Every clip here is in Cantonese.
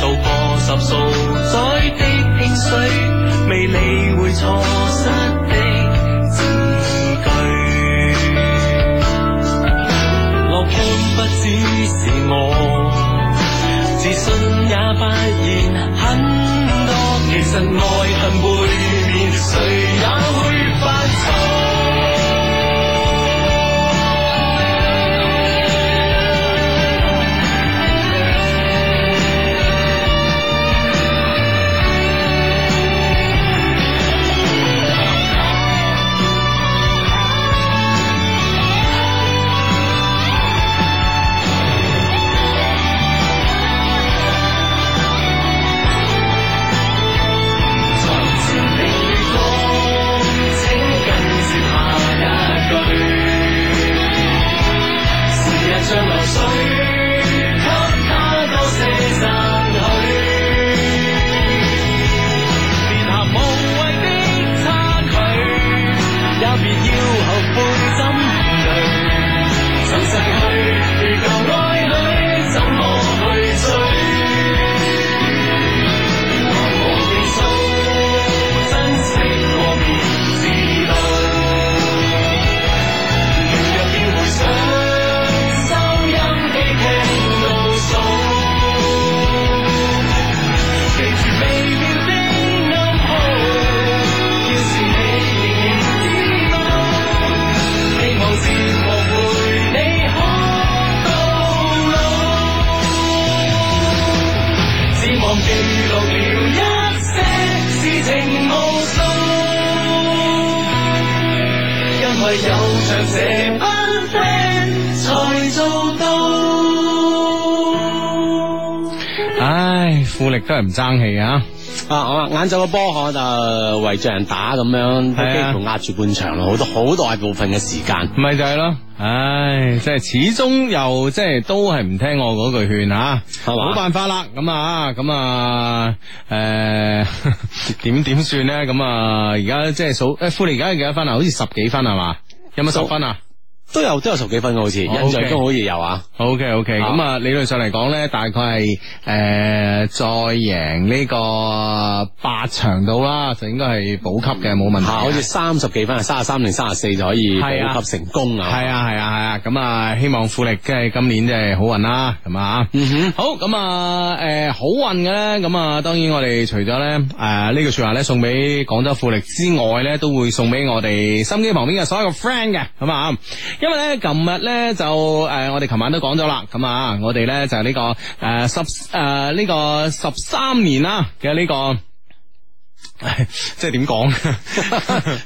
度過十數載的興衰，未理會錯失。爭氣啊！啊，晏晝個波，我就圍著人打咁樣，幾乎壓住半場咯，好多好大部分嘅時間。唔咪就係咯，唉，即係始終又即係都係唔聽我嗰句勸吓，冇辦法啦。咁啊，咁啊，誒， 點點算咧？咁啊，而家即係數誒，富力而家係幾多分啊？好似十幾分係嘛？有冇十分啊？都有都有十幾分嘅好似，印象中好易有啊。O K O K，咁啊，理論上嚟講咧，大概係誒、呃、再贏呢個八場到啦，就應該係補級嘅冇問題。好似三十幾分，三十三定三十四就可以補級成功啊。係啊係啊係啊，咁啊，啊，啊，希望富力即係今年即係好運啦，咁啊。嗯哼、mm hmm. 呃，好咁啊，誒好運嘅咧，咁啊，當然我哋除咗咧誒呢句說話咧送俾廣州富力之外咧，都會送俾我哋心機旁邊嘅所有嘅 friend 嘅，咁啊。因為咧，琴日咧就誒、呃，我哋琴晚都講咗啦，咁啊，我哋咧就係、這、呢個誒、呃、十誒呢、呃這個十三年啦嘅呢個。即係點講？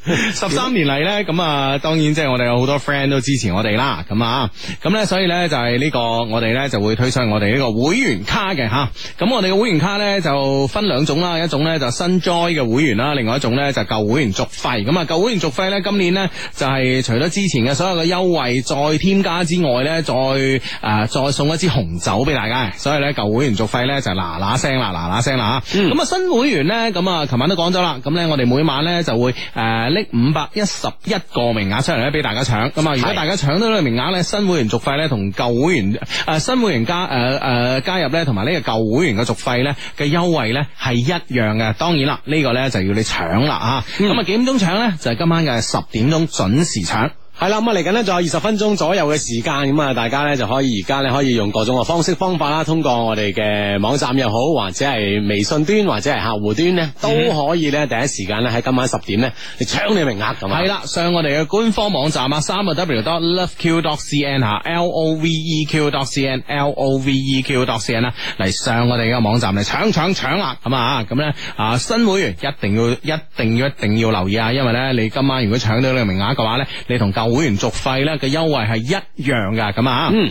十三 年嚟呢，咁啊，當然即係我哋有好多 friend 都支持我哋啦。咁啊，咁呢，所以呢、這個，就係呢個我哋呢就會推出我哋呢個會員卡嘅吓。咁我哋嘅會員卡呢，就分兩種啦，一種呢，就新 join 嘅會員啦，另外一種呢，就舊會員續費。咁啊，舊會員續費呢，今年呢，就係除咗之前嘅所有嘅優惠再添加之外呢，再誒、呃、再送一支紅酒俾大家。所以呢，舊會員續費呢，就嗱嗱聲啦，嗱嗱聲啦。咁啊新會員呢，咁啊，琴晚都講。講咗啦，咁呢，我哋每晚呢就會誒拎五百一十一個名額出嚟呢俾大家搶，咁啊，如果大家搶到呢個名額呢，新會員續費呢，同舊會員誒新會員加誒誒、呃、加入呢，同埋呢個舊會員嘅續費呢嘅優惠呢，係一樣嘅，當然啦呢、這個呢就要你搶啦啊，咁啊、嗯、幾點鐘搶呢？就係今晚嘅十點鐘準時搶。係啦，咁啊嚟緊呢仲有二十分鐘左右嘅時間，咁啊，大家呢就可以而家呢可以用各種嘅方式方法啦，通過我哋嘅網站又好，或者係微信端，或者係客戶端呢，都可以呢。第一時間呢，喺今晚十點呢，你搶你名額咁啊。係啦，上我哋嘅官方網站啊，三個 w dot loveq dot cn 吓，l o v e q dot c n，l o v e q dot c n 啦，嚟上我哋嘅網站嚟搶搶搶啊！咁啊，咁呢啊新會員一定要一定要一定要留意啊，因為呢你今晚如果搶到你名額嘅話呢，你同舊會員續費咧嘅優惠係一樣噶，咁啊，嗯。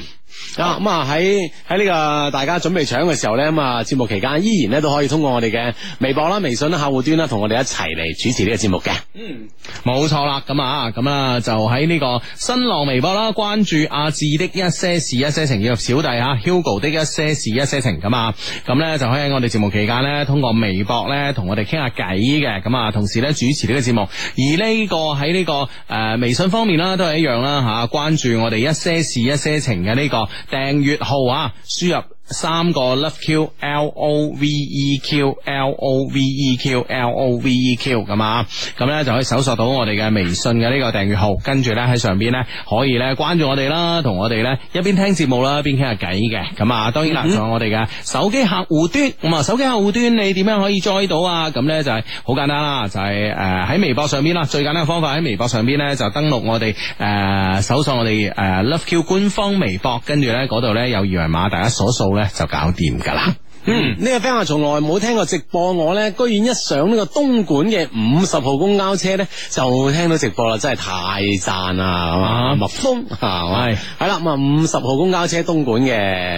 嗯、啊咁啊喺喺呢個大家準備搶嘅時候呢，咁啊節目期間依然呢都可以通過我哋嘅微博啦、微信啦客戶端啦同我哋一齊嚟，主持呢個節目嘅。嗯，冇錯啦，咁啊咁啊就喺呢個新浪微博啦，關注阿志的一些事一些情以及小弟哈 Hugo 的一些事一些情咁啊，咁呢就可以喺我哋節目期間呢，通過微博呢，同我哋傾下偈嘅，咁啊同時呢，主持呢個節目。而呢、這個喺呢、這個誒、呃、微信方面啦都係一樣啦吓，關注我哋一些事一些情嘅呢、這個。訂閱號啊，輸入。三個 love q l o v e q l o v e q l o v e q 咁啊，咁呢就可以搜索到我哋嘅微信嘅呢個訂閱號，跟住呢喺上邊呢可以呢關注我哋啦，同我哋呢一邊聽節目啦，一邊傾下偈嘅。咁啊，當然啦，仲有我哋嘅手機客戶端。咁啊，手機客戶端你點樣可以載到啊？咁呢就係好簡單啦，就係誒喺微博上邊啦。最簡單嘅方法喺微博上邊呢就登錄我哋誒搜索我哋誒 love q 官方微博，跟住呢嗰度呢有二維碼，大家掃一掃。咧就搞掂噶啦。嗯，呢個 friend 話從來冇聽過直播我，我咧居然一上呢個東莞嘅、啊吧啊、五十號公交車咧就聽到直播啦，真係太讚啦，係嘛蜜蜂，係係啦，咁啊五十號公交車東莞嘅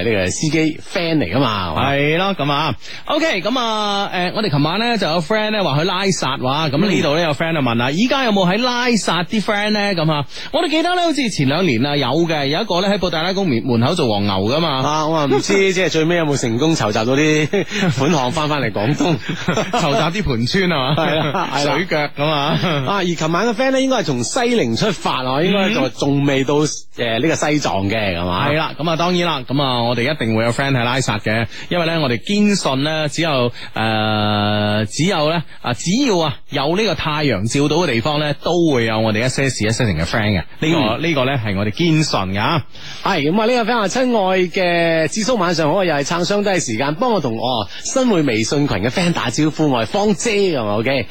呢、呢個司機 friend 嚟噶嘛，係咯，咁啊，O K，咁啊，誒、OK, 啊呃，我哋琴晚咧就有 friend 咧話去拉薩話，咁呢度咧有 friend 啊問啊，依家有冇喺拉薩啲 friend 咧咁啊？我哋記得咧好似前兩年啊有嘅，有一個咧喺布達拉宮門門口做黃牛噶嘛，啊、我唔知即係 最尾有冇成功籌集到。啲款項翻翻嚟廣東， 籌集啲盤村啊嘛，啊 水腳腳咁吧 啊！而琴晚嘅 friend 咧，應該係從西寧出發，啊，應該就仲未到誒呢個西藏嘅係嘛？係啦，咁啊當然啦，咁啊我哋一定會有 friend 喺拉薩嘅，因為咧我哋堅信咧只有誒、呃、只有咧啊只要啊有呢個太陽照到嘅地方咧，都會有我哋一些事一些情嘅 friend 嘅呢個呢、這個咧係我哋堅信嘅啊！係咁啊呢個 friend 啊，親愛嘅志叔晚上好，啊，又係撐雙低時間。幫我同我新會微信群嘅 friend 打招呼，我係芳姐，係嘛？O K，誒，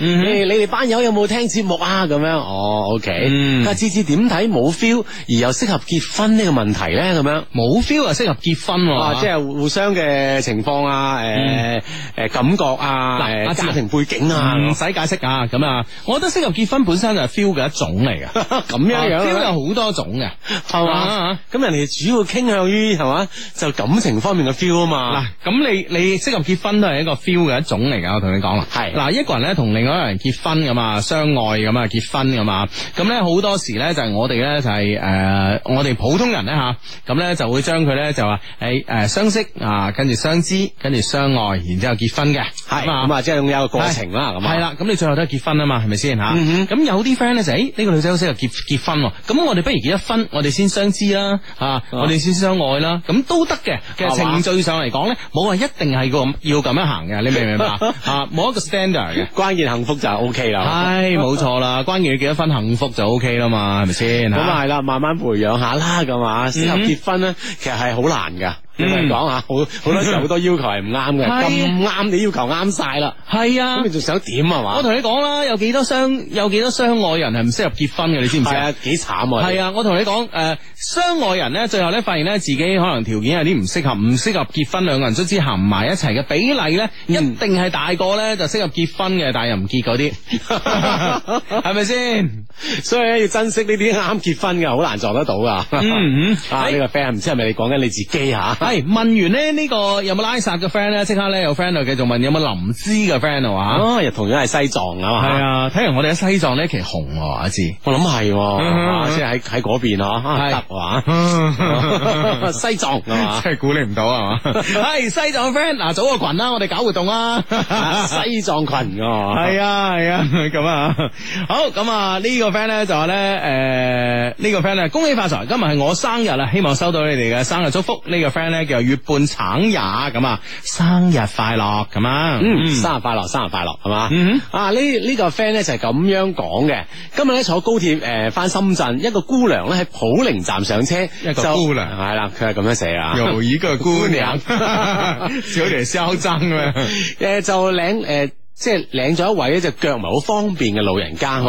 你哋班友有冇聽節目啊？咁樣，哦，O K，阿次次點睇冇 feel 而又適合結婚呢個問題咧？咁樣冇 feel 又適合結婚，即係互相嘅情況啊，誒誒感覺啊，家庭背景啊，唔使解釋啊，咁啊，我覺得適合結婚本身就係 feel 嘅一種嚟噶，咁樣樣 feel 有好多種嘅，係嘛？咁人哋主要傾向於係嘛？就感情方面嘅 feel 啊嘛，嗱，咁你。你適合結婚都係一個 feel 嘅一種嚟噶，我同你講啦。係嗱，一個人咧同另外一個人結婚咁啊，相愛咁啊，結婚咁啊，咁咧好多時咧就係我哋咧就係誒，我哋普通人咧吓，咁咧就會將佢咧就話誒誒相識啊，跟住相知，跟住相愛，然之後結婚嘅，係嘛，咁啊即係有個過程啦，咁係啦，咁你最後都係結婚啊嘛，係咪先吓？咁有啲 friend 咧就誒呢個女仔好適合結結婚，咁我哋不如結一婚，我哋先相知啦，啊，我哋先相愛啦，咁都得嘅。其實程序上嚟講咧，冇話一。定係個要咁樣行嘅，你明唔明白 啊？冇一個 standard 嘅，關鍵幸福就係 OK 啦。係，冇錯啦，關鍵要幾多分幸福就 OK 啦、 OK、嘛，係咪先？咁啊係啦，慢慢培養下啦，咁啊、嗯哼，適合結婚咧，其實係好難噶。你咪講吓，好好多時候好多要求係唔啱嘅，咁啱、啊、你要求啱晒啦。係啊，咁你仲想點啊？嘛？我同你講啦，有幾多相有幾多相愛人係唔適合結婚嘅，你知唔知啊？幾慘啊！係啊，我同你講，誒、呃，相愛人咧，最後咧發現咧自己可能條件有啲唔適合，唔適合結婚，兩個人總之行埋一齊嘅比例咧，嗯、一定係大過咧就適合結婚嘅，但係又唔結嗰啲，係咪先？所以咧要珍惜呢啲啱結婚嘅，好難撞得到噶。嗯、 啊呢個 friend 唔知係咪你講緊你自己吓？啊係問完咧呢個有冇拉薩嘅 friend 咧？即刻咧有 friend 繼續問有冇林芝嘅 friend 啊？哇！哦，又同樣係西藏啊係啊，睇完我哋喺西藏咧，其實紅阿志，我諗係、哦，嗯、吧即係喺喺嗰邊嗬，係哇，西藏，真係估你唔到啊嘛！係西藏嘅 friend，嗱，組個群啦，我哋搞活動啦， 西藏群，係啊係啊，咁 啊，啊，啊，啊好，咁啊呢個 friend 咧就話咧，誒、呃、呢、這個 friend 咧恭喜發財，今日係我生日啊，希望收到你哋嘅生日祝福。呢、這個 friend。咧叫月半橙也咁啊，生日快樂咁啊，生日快樂，生日快樂係嘛？吧啊，呢、這、呢個 friend 咧就係咁樣講嘅。今日咧坐高鐵誒翻、呃、深圳，一個姑娘咧喺普寧站上車，一個姑娘係啦，佢係咁樣寫啊，由於個姑娘，少嚟囂張啊，誒、 呃、就領誒。呃呃即係領咗一位一隻腳唔係好方便嘅老人家，將、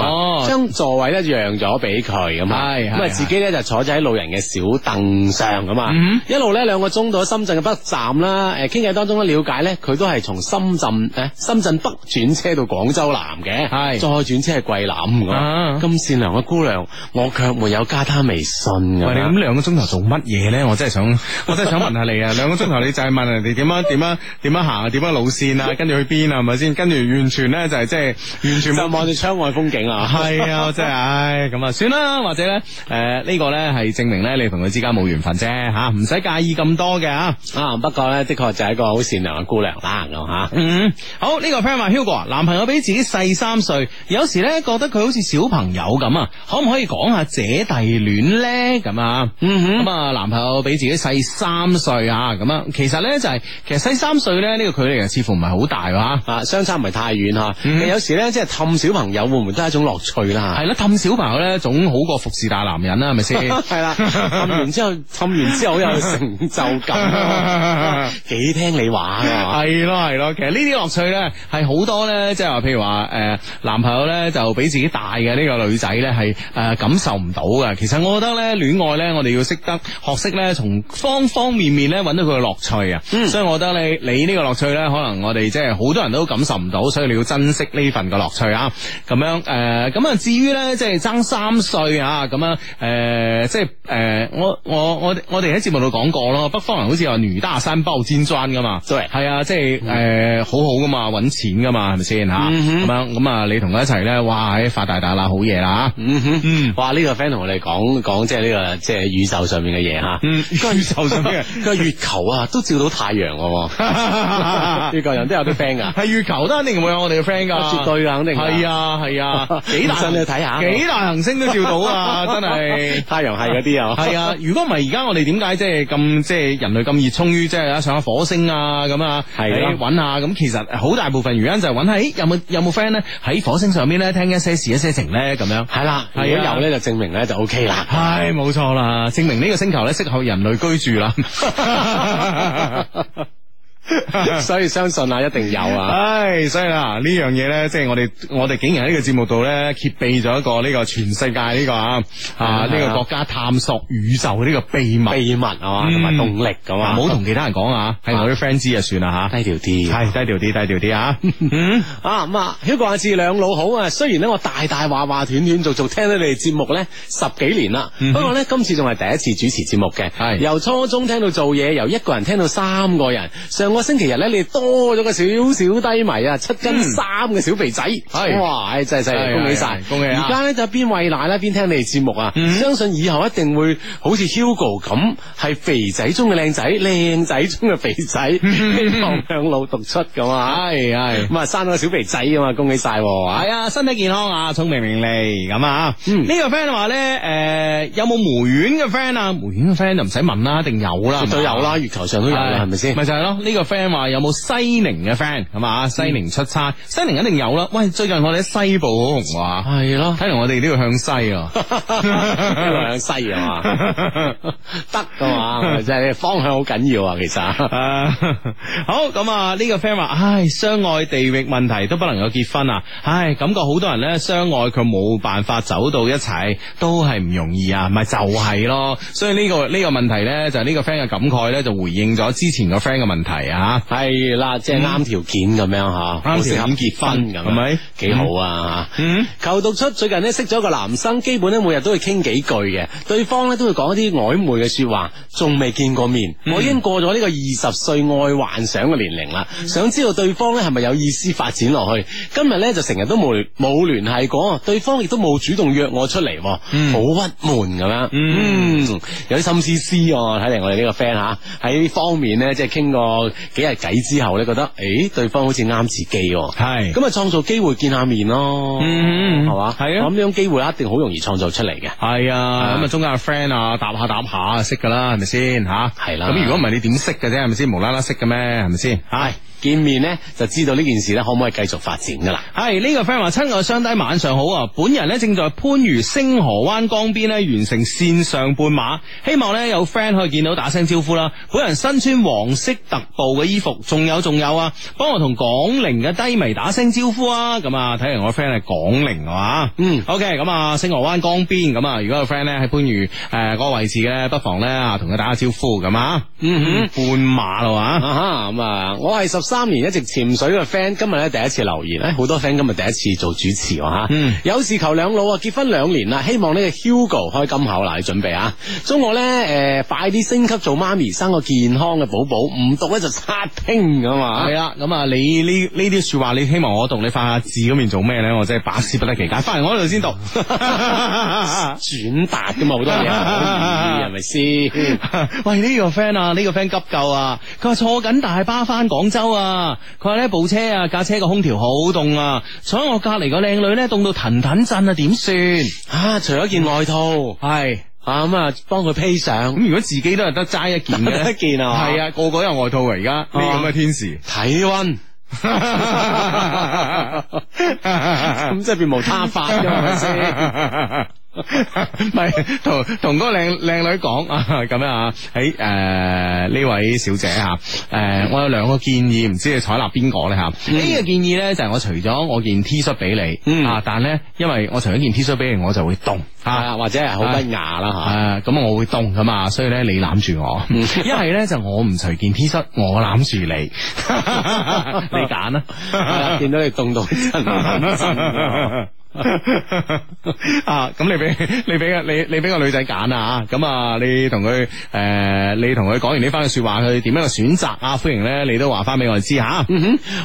哦、座位咧讓咗俾佢咁啊，咁啊自己咧就坐咗喺老人嘅小凳上咁啊，嗯、一路咧兩個鐘到深圳嘅北站啦。誒，傾偈當中咧了解咧，佢都係從深圳誒深圳北轉車到廣州南嘅，係是是 再轉車去桂林。咁啊，啊，咁善良嘅姑娘，我卻沒有加他微信。喂，你咁兩個鐘頭做乜嘢咧？我真係想，我真係想問下你啊！兩 個鐘頭你就係問人哋點樣點樣點樣行，啊點樣，樣路線啊？跟住去邊啊？係咪先？跟住。完全咧就係即係完全就望，是，住窗外風景啊，係 啊真係，就是，唉，咁啊算啦，或者咧誒呢個咧係證明咧你同佢之間冇緣分啫吓，唔使介意咁多嘅啊。啊不過咧的確就係一個好善良嘅姑娘啦吓，啊，嗯好呢，這個 friend 話 Hugo 男朋友俾自己細三歲，有時咧覺得佢好似小朋友咁啊，可唔可以講下姐弟戀咧咁啊，嗯哼咁啊男朋友俾自己細三歲啊，咁啊其實咧就係，是，其實細三歲咧呢個距離啊似乎唔係好大啊相差。太遠嚇，嗯、有時咧即係氹小朋友，會唔會都係一種樂趣啦？係咯，氹小朋友咧總好過服侍大男人啦，係咪先？係啦，氹完之後，氹完之後好有成就感，幾 聽你話啊？係咯，係咯，其實呢啲樂趣咧係好多咧，即係話譬如話誒、呃、男朋友咧就俾自己大嘅呢個女仔咧係誒感受唔到嘅。其實我覺得咧，戀愛咧我哋要識得學識咧，從方方面面咧揾到佢嘅樂趣啊。嗯、所以我覺得咧，你呢個樂趣咧，可能我哋即係好多人都感受唔到。所以你要珍惜份樂、呃、呢份嘅樂趣啊！咁樣誒，咁啊至於咧，即係爭三歲啊！咁樣誒、呃，即係誒、呃，我我我我哋喺節目度講過咯，北方人好似話魚打山包尖磚噶嘛，係以啊，即係誒、嗯呃，好好噶嘛，搵錢噶嘛，係咪先吓？咁、嗯、哼樣咁啊，你同佢一齊咧，哇，喺發大大啦，好嘢啦！嗯哼，嗯，哇，呢、這個 friend 同我哋講講即係呢個即係、就是、宇宙上面嘅嘢吓，宇宙上面佢月球啊都照到太陽噶喎，呢個、 啊啊啊、 人都有啲 friend 噶，係、 啊、月球得。肯定會有我哋嘅 friend 噶，絕對噶，肯定係啊係啊，啊 幾大亂上去睇下，幾大行星都照到 啊！真係太陽系嗰啲啊，係啊！如果唔係而家我哋點解即係咁即係人類咁熱衷於即係上下火星啊咁啊，係揾的下咁其實好大部分原因就係揾下，有冇有冇 friend 咧喺火星上面咧聽一些事一些情咧咁樣，係啦，如果有咧就證明咧就 OK 啦，係冇錯啦，證明呢個星球咧適合人類居住啦。 所以相信啊，一定有啊！唉，所以啦，呢樣嘢呢，即係我哋我哋竟然喺呢個節目度呢，揭秘咗一個呢個全世界呢個啊啊呢個國家探索宇宙呢個秘密秘密啊，同埋動力咁啊！唔好同其他人講啊，係我啲 friend 知就算啦吓，低調啲，係低調啲，低調啲啊！啊咁啊，呢個阿志兩老好啊！雖然呢，我大大話話斷斷續續聽到你哋節目呢十幾年啦，不過呢，今次仲係第一次主持節目嘅，係由初中聽到做嘢，由一個人聽到三個人上個星期日咧，你哋多咗個少少低迷啊，七斤三嘅小肥仔，係哇，真係犀利，恭喜晒，恭喜！而家咧就邊餵奶啦，邊聽你哋節目啊，相信以後一定會好似 Hugo 咁，係肥仔中嘅靚仔，靚仔中嘅肥仔，希望向老讀出咁啊，係係咁啊，生咗個小肥仔啊嘛，恭喜晒，係啊，身體健康啊，聰明伶俐咁啊，呢個 friend 話咧，誒，有冇梅園嘅 friend 啊？梅園嘅 friend 就唔使問啦，一定有啦，絕對有啦，月球上都有啦，係咪先？咪就係咯，呢個。friend 話有冇西寧嘅 friend 係嘛？西寧出差，西寧肯定有啦。喂，最近我哋喺西部好紅哇，係咯的，睇嚟我哋都要向西啊，一 向西啊嘛，得噶嘛，真係方向好緊要啊。其實、 啊，好咁啊，呢、這個 friend 話，唉、哎，相愛地域問題都不能夠結婚啊，唉、哎，感覺好多人咧相愛佢冇辦法走到一齊，都係唔容易啊，咪就係、是、咯。所以呢、這個呢、這個問題咧，就係、是、呢個 friend 嘅感慨咧，就回應咗之前個 friend 嘅問題啊。啊，係啦，即係啱條件咁樣吓，啱時肯結婚咁，係咪、嗯？幾好啊！嗯，求讀出最近咧識咗個男生，基本咧每日都會傾幾句嘅，對方咧都會講一啲曖昧嘅說話，仲未見過面，嗯、我已經過咗呢個二十歲愛幻想嘅年齡啦，嗯、想知道對方咧係咪有意思發展落去？今日咧就成日都冇冇聯繫過，對方亦都冇主動約我出嚟，好鬱悶咁樣。嗯，嗯，有啲心思思哦、啊，睇嚟我哋呢個 friend 吓喺方面咧即係傾過。幾日偈之後咧，覺得誒、哎、對方好似啱自己、哦，係咁啊創造機會見下面咯，嗯係嘛，係吧啊咁呢種機會一定好容易創造出嚟嘅，係啊咁啊中間阿 friend 啊，搭下搭下識噶啦，係咪先吓？係啦、啊，咁如果唔係你點識嘅啫，係咪先無啦啦識嘅咩？係咪先吓？見面呢就知道呢件事呢可唔可以繼續發展噶啦？係呢、這個 friend 話：親愛雙低，晚上好啊！本人呢正在番禺星河灣江邊咧完成線上半馬，希望呢有 friend 可以見到打聲招呼啦。本人身穿黃色特步嘅衣服，仲有仲有啊！幫我同廣寧嘅低迷打聲招呼啊！咁啊，睇嚟我 friend 係廣寧係嘛？嗯，OK，咁啊，星河灣江邊，咁啊，如果個 friend 咧喺番禺誒嗰個位置嘅，不妨呢同佢打下招呼咁啊。嗯哼，嗯半馬啦嘛，咁啊、嗯，我係十。三年一直潛水嘅 friend，今日咧第一次留言，誒、哎，好多 friend 今日第一次做主持喎吓，啊嗯、有事求兩老啊，結婚兩年啦，希望呢個 Hugo 開金口啦，你準備啊，祝我咧誒快啲升級做媽咪，生個健康嘅寶寶，唔讀咧就刷拼噶嘛，係、啊、啦，咁啊、嗯、你呢呢啲說話，你希望我讀你快下字嗰邊做咩咧？我真係百思不得其解，翻嚟我度先讀，轉達咁嘛，好多嘢係咪先？喂呢、這個 friend 呢、啊這個 friend 急救啊，佢話坐緊大巴翻廣州。佢話呢部車啊，架車個空調好凍啊，坐喺我隔籬個靚女咧凍到騰騰震啊，點算？啊，除咗件外套，係咁啊，幫佢披上。咁如果自己都係得齋一件一件啊，係、哦、啊，個個都有外套，而家呢咁嘅天時，啊、體溫，咁即係變無他法嘅，係咪先？唔係同同嗰個靚靚女講啊咁樣啊，喺誒呢位小姐啊，誒我有兩個建議，唔知你採納邊個咧吓？A 個建議咧就係我除咗我件 T 恤俾你，嗯啊，但咧因為我除咗件 T 恤俾你，我就會凍啊，或者係好不雅啦吓，咁、啊啊、我會凍噶嘛，所以咧你攬住我，一係咧就我唔除件 T 恤，我攬住你， 你揀啦吧， 見到你凍到啊！咁你俾你俾個你你俾個女仔揀啊！咁啊，你同佢誒，你同佢講完呢番嘅說話，佢點樣嘅選擇啊？歡迎咧，你都話翻俾我知吓。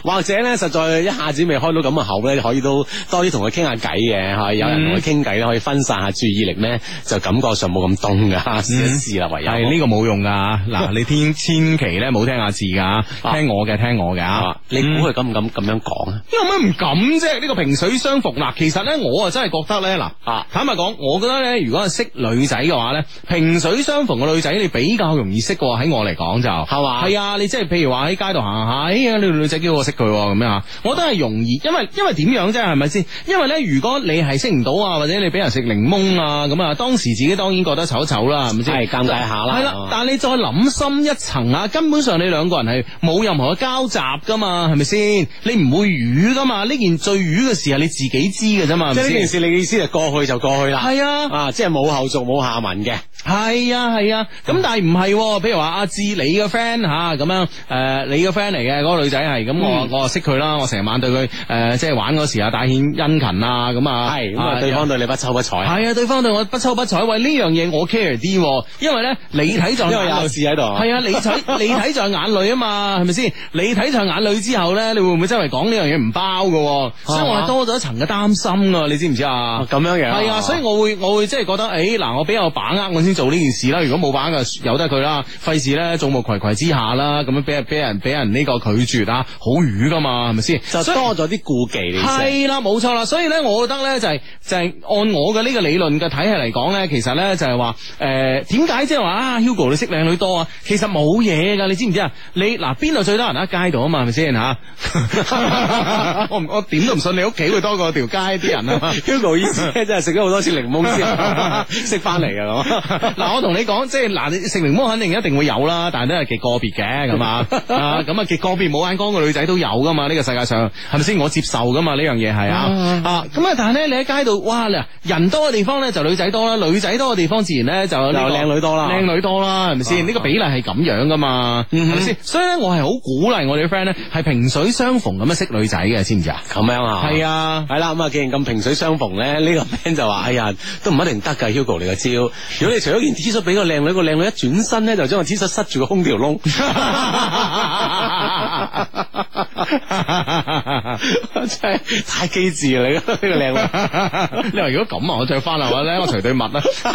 或者咧，實在一下子未開到咁嘅口咧，可以都多啲同佢傾下偈嘅，係咪？有人同佢傾偈咧，可以分散下注意力咧，就感覺上冇咁凍噶。試一試啦，唯有係呢個冇用噶。嗱，你千千祈咧冇聽下字噶，聽我嘅，聽我嘅。你估佢敢唔敢咁樣講啊？有咩唔敢啫？呢個萍水相逢啦，其實。但我啊真係覺得呢。嗱啊坦白講，我覺得呢，如果係識女仔嘅話呢萍水相逢嘅女仔你比較容易識喎。喺我嚟講就係嘛，係吧啊，你即係譬如話喺街度行下、哎，你個女仔叫我識佢咁樣啊，我都係容易，因為因為點樣啫，係咪先？因為呢，如果你係識唔到啊，或者你俾人食檸檬啊，咁啊，當時自己當然覺得醜醜啦，係咪先？尷尬下啦，啊、但係你再諗深一層啊，根本上你兩個人係冇任何嘅交集噶嘛，係咪先？你唔會瘀噶嘛，呢件最瘀嘅事係你自己知嘅。即件事，啊、你嘅意思就過去就過去啦，係啊，啊即係冇後續冇下文嘅，係啊係啊，咁但係唔係，譬如話阿志你個 friend 吓咁樣，誒、啊、你個 friend 嚟嘅嗰個女仔係，咁、啊嗯、我我識佢啦，我成晚對佢誒、呃、即係玩嗰時啊大獻殷勤啊，咁啊係，咁啊對方對你不抽不睬。係啊、嗯、啊對方對我不抽不睬。喂呢樣嘢我 care 啲，因為咧你睇在因為有事喺度，係 啊你睇你睇在眼裏啊嘛，係咪先？你睇在眼裏之後咧，你會唔會周圍講呢樣嘢唔包嘅？啊、所以我係多咗一層嘅擔心。你知唔知啊？咁樣嘅、啊、係啊，所以我會我會即係覺得，誒、欸、嗱，我比較有把握，我先做呢件事啦。如果冇把握，由得佢啦，費事咧眾目睽睽之下啦，咁樣俾人俾人俾人呢個拒絕魚啊，好瘀噶嘛，係咪先？就多咗啲顧忌。係啦，冇錯啦，所以咧，我覺得咧就係、是、就係、是、按我嘅呢個理論嘅體系嚟講咧，其實咧就係話誒，點解即係話啊，Hugo 你識靚女多啊？其實冇嘢噶，你知唔知啊？你嗱邊度最多人喺街度啊嘛，係咪先吓？我我點都唔信你屋企會多過條街。啲人啊，Hugo 意思咧真係食咗好多次檸檬先識翻嚟啊，嗱，我同你講即係嗱，你食檸檬肯定一定會有啦，但係都係極個別嘅咁啊。咁啊極個別冇眼光嘅女仔都有噶嘛？呢個世界上係咪先？我接受噶嘛呢樣嘢係啊，啊咁啊！但係咧你喺街度哇，人多嘅地方咧就女仔多啦，女仔多嘅地方自然咧就有靚女多啦，靚女多啦係咪先？呢個比例係咁樣噶嘛係咪先？所以咧我係好鼓勵我哋啲 friend 咧係萍水相逢咁樣識女仔嘅，知唔知啊？咁樣啊？係啊係啦咁啊咁萍水相逢咧，呢、這個名就話：哎呀，都唔一定得噶，Hugo 你個招。如果你除咗件 T 恤俾個靚女，個靚女一轉身咧，就將個 T 恤塞住個空調窿。真係太機智嚟你呢個靚女！ 你話如果咁啊，我着翻啦，我咧我隨對襪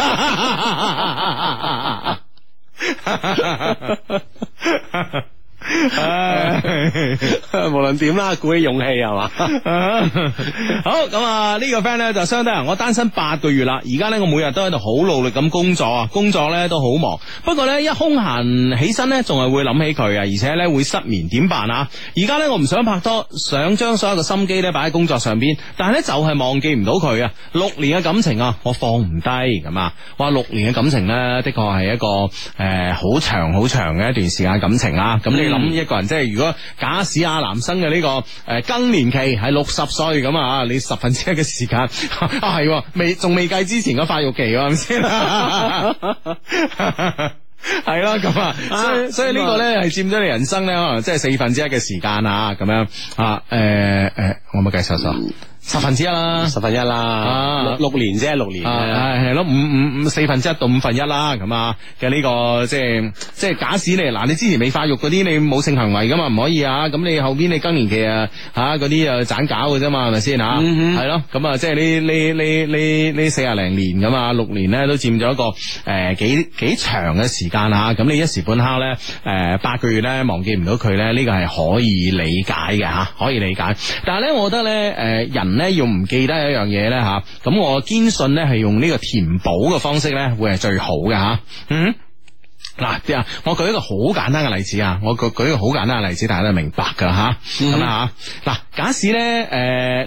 啦。 唉， 無論點啦，鼓起勇氣係嘛， 好咁啊！這個、呢個 friend 呢就相當，我單身八個月啦，而家呢，我每日都喺度好努力咁工作啊，工作呢都好忙，不過呢，一空閒起身呢，仲係會諗起佢啊，而且呢會失眠，點辦啊？而家呢，我唔想拍拖，想將所有嘅心機呢擺喺工作上邊，但係呢，就係、是、忘記唔到佢啊！六年嘅感情啊，我放唔低咁啊！哇，六年嘅感情呢，的確係一個誒好、呃、好長好長嘅一段時間感情啊。咁你。咁一個人即係，如果假使阿男生嘅呢個誒更年期係六十歲咁啊，你十分之一嘅時間啊係未仲未計之前嘅發育期係咪先？係咯咁啊，所以、啊、所以、啊、所以個呢個咧係佔咗你人生咧，可能即係四分之一嘅時間啊，咁樣啊誒誒，我、呃、咪介紹咗。嗯十分之一啦，十分一啦，六六年啫，六年，係係咯，五五五四分之一到五分一啦，咁啊，嘅呢個即係即係假使你嗱，你之前未發育嗰啲，你冇性行為噶嘛，唔可以啊，咁你後邊你更年期啊吓嗰啲又盞搞嘅啫嘛，係咪先吓？係咯，咁啊，即係呢呢呢呢呢四廿零年咁啊，六年咧都佔咗一個誒、呃、幾幾長嘅時間啊，咁你一時半刻咧誒八個月咧忘記唔到佢咧，呢個係可以理解嘅吓，可以理解。但係咧，我覺得咧，誒、呃呃、人。咧用唔記得一樣嘢咧吓，咁我堅信咧係用呢個填補嘅方式咧，會係最好嘅吓嗯。嗱啲啊，我舉一個好簡單嘅例子啊，我舉舉一個好簡單嘅例子，大家都明白噶吓，咁啊嗱，嗯、哼假使咧，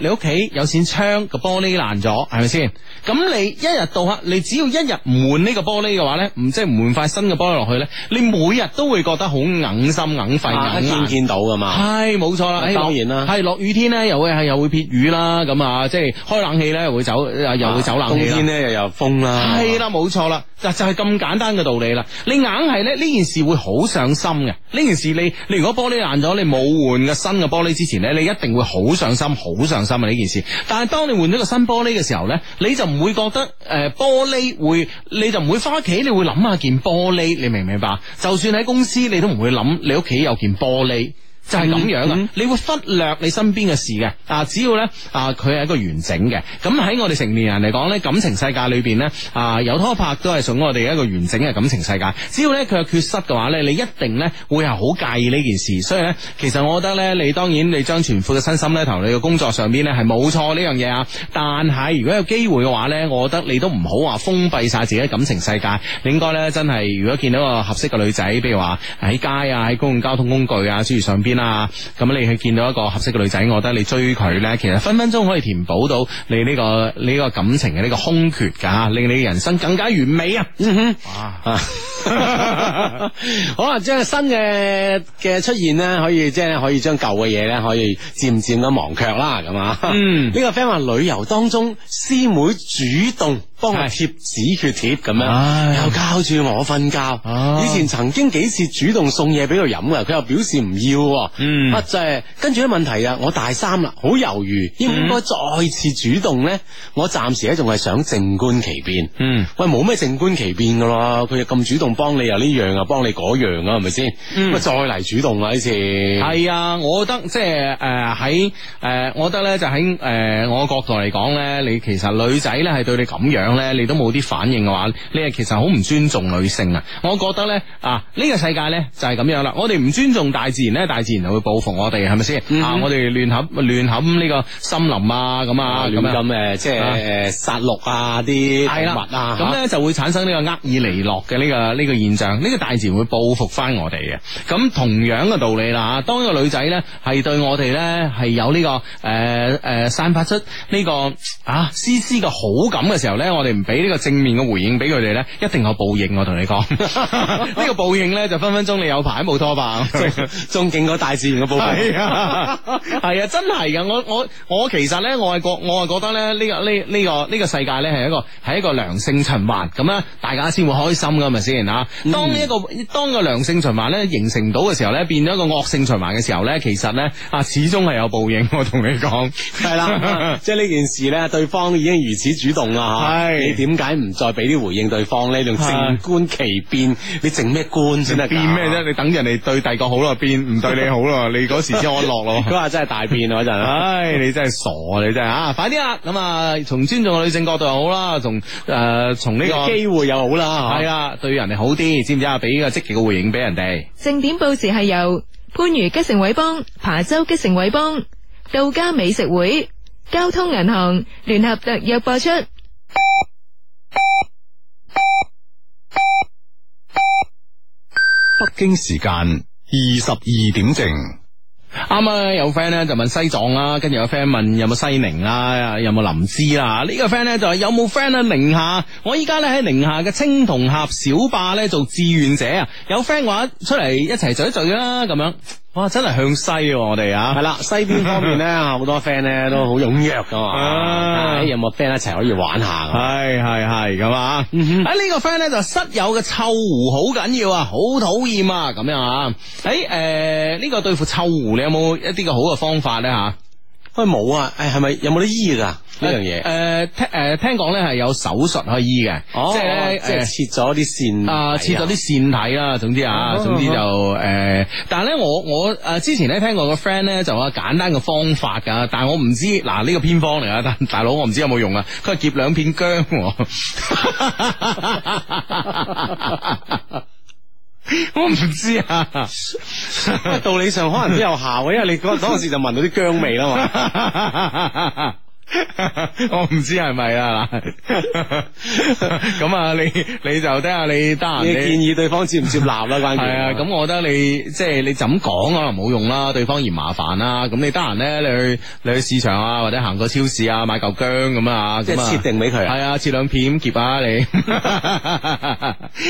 誒，你屋企有扇窗個玻璃爛咗，係咪先？咁你一日到黑，你只要一日唔換呢個玻璃嘅話咧，唔即係唔換塊新嘅玻璃落去咧，你每日都會覺得好硬心硬肺，見、啊、見到噶嘛？係，冇錯啦。當然啦，係落雨天咧，又會又會撇雨啦，咁啊，即係開冷氣咧，又會走、啊、又會走冷天咧又有風啦，係啦，冇錯啦，嗱就係、是、咁簡單嘅道理啦，你硬、嗯。嗯嗯梗係咧，呢件事會好上心嘅。呢件事你你如果玻璃爛咗，你冇換個新嘅玻璃之前呢，你一定會好上心，好上心啊呢件事。但係當你換咗個新玻璃嘅時候呢，你就唔會覺得誒、呃、玻璃會，你就唔會翻屋企，你會諗下件玻璃，你明唔明白？就算喺公司，你都唔會諗你屋企有件玻璃。就係咁樣啊！嗯嗯、你會忽略你身邊嘅事嘅啊！只要咧啊，佢係一個完整嘅，咁喺我哋成年人嚟講咧，感情世界裏邊咧啊，有拖拍都係屬於我哋一個完整嘅感情世界。只要咧佢係缺失嘅話咧，你一定咧會係好介意呢件事。所以咧，其實我覺得咧，你當然你將全副嘅身心咧，投入你嘅工作上邊咧係冇錯呢樣嘢啊。但係如果有機會嘅話咧，我覺得你都唔好話封閉晒自己嘅感情世界。你應該咧真係，如果見到個合適嘅女仔，譬如話喺街啊、喺公共交通工具啊、諸如上邊。啊，咁你去見到一個合適嘅女仔，我覺得你追佢咧，其實分分鐘可以填補到你呢個你呢個感情嘅呢個空缺噶，令你嘅人生更加完美啊！嗯哼，啊， 好啊，即係新嘅嘅出現咧，可以即係可以將舊嘅嘢咧，可以漸漸咁忘卻啦，咁啊， 嗯呢個 friend 話旅遊當中師妹主動。幫我貼止血貼咁樣，唉又教住我瞓覺。啊、以前曾經幾次主動送嘢俾佢飲噶，佢又表示唔要。嗯，乜即係跟住啲問題啊？我大三啦，好猶豫，嗯、應唔應該再次主動呢，我暫時咧仲係想靜觀其變。嗯，喂，冇咩靜觀其變噶咯？佢又咁主動幫你又呢樣又幫你嗰樣啊？係咪先？乜、嗯、再嚟主動啊？呢次係啊，我覺得即係誒喺誒，我覺得呢，就喺誒我角度嚟講呢，你其實女仔呢係對你咁樣。你都冇啲反應嘅話，你係其實好唔尊重女性啊！我覺得呢啊，呢、這個世界呢，就係咁樣啦。我哋唔尊重大自然呢，大自然就會報復我哋，係咪先？嗯、啊，我哋亂砍亂砍呢個森林啊，咁啊，咁咁誒，即係誒殺戮啊，啲動物啊，咁呢的、啊、就會產生呢個厄爾尼諾嘅呢個呢、這個現象，呢、嗯、個大自然會報復翻我哋嘅。咁同樣嘅道理啦，當一個女仔呢，係對我哋呢、這個，係有呢個誒誒散發出呢、這個啊絲絲嘅好感嘅時候呢。我哋唔俾呢個正面嘅回應俾佢哋咧，一定有報應。我同你講，呢 個報應咧就分分鐘你有排冇拖吧。仲 勁過大自然嘅報應。係 啊，真係噶。我我我其實咧，我係覺我係覺得咧，呢、呢個呢呢、呢個呢、呢個世界咧係一個係一個良性循環咁咧，大家先會開心噶咪先啊。當一、呢個當個良性循環咧形成到嘅時候咧，變咗一個惡性循環嘅時候咧，其實咧啊始終係有報應。我同你講，係 啦、啊，即係呢件事咧，對方已經如此主動啦 你點解唔再俾啲回應對方呢？仲靜觀其變，你靜咩觀先得？變咩啫？你等人哋對第個好咯，變唔對你好咯， 你嗰時先安樂咯。佢話 真係大變嗰陣，唉、 哎，你真係傻，你真係啊，快啲啊！咁啊，從尊重女性角度又好啦，從誒從呢個機會又好啦，係啊對，對人哋好啲，知唔知啊？俾個積極嘅回應俾人哋。正點報時係由番禺吉成偉邦、琶洲吉成偉邦、道家美食會、交通銀行聯合合特約播出。經時間二十二點正，啱啊！有 friend 咧就問西藏啦，跟住有 friend 問有冇西寧啦，有冇林芝啦？呢個 friend 咧就話有冇 friend 咧寧夏？我依家咧喺寧夏嘅青銅峽小壩咧做志願者啊！有 friend 話出嚟一齊聚一聚啦，咁樣。哇，真係向西喎我哋啊！係啦、啊，西邊方面咧，好 多 friend 咧都好踴躍噶嘛、啊啊啊，有冇 friend 一齊可以玩下？係係係咁啊！喺呢個 friend 咧就室友嘅臭狐好緊要啊，好討厭啊，咁樣啊！誒、欸，誒、呃，呢、這個對付臭狐你有冇一啲嘅好嘅方法咧？吓？佢冇、哎、啊！誒、哎，係咪有冇得醫噶呢樣嘢？誒、啊呃，聽誒、呃，聽講咧係有手術可以醫嘅，哦、即係即係切咗啲綫啊，呃、切咗啲綫體啦、啊。總之啊，啊總之就誒，但係咧我我誒之前咧聽過個 friend 咧就話簡單嘅方法噶，但我唔知嗱呢、呢個偏方嚟啊，但大佬我唔知有冇用啊。佢係夾兩片薑。 我唔知啊， 道理上可能都有效，因為你嗰陣時就聞到啲薑味啦嘛。 我唔知係咪啊，咁啊你你就聽下你得閒你建議對方接唔接納啦，關鍵係啊，咁 系的 我覺得你即係、就是、你就咁講可能冇用啦，對方嫌麻煩啦，咁你得閒咧你去你去市場啊或者行個超市啊買嚿薑咁啊，即係設定俾佢係啊，切兩片咁夾啊你，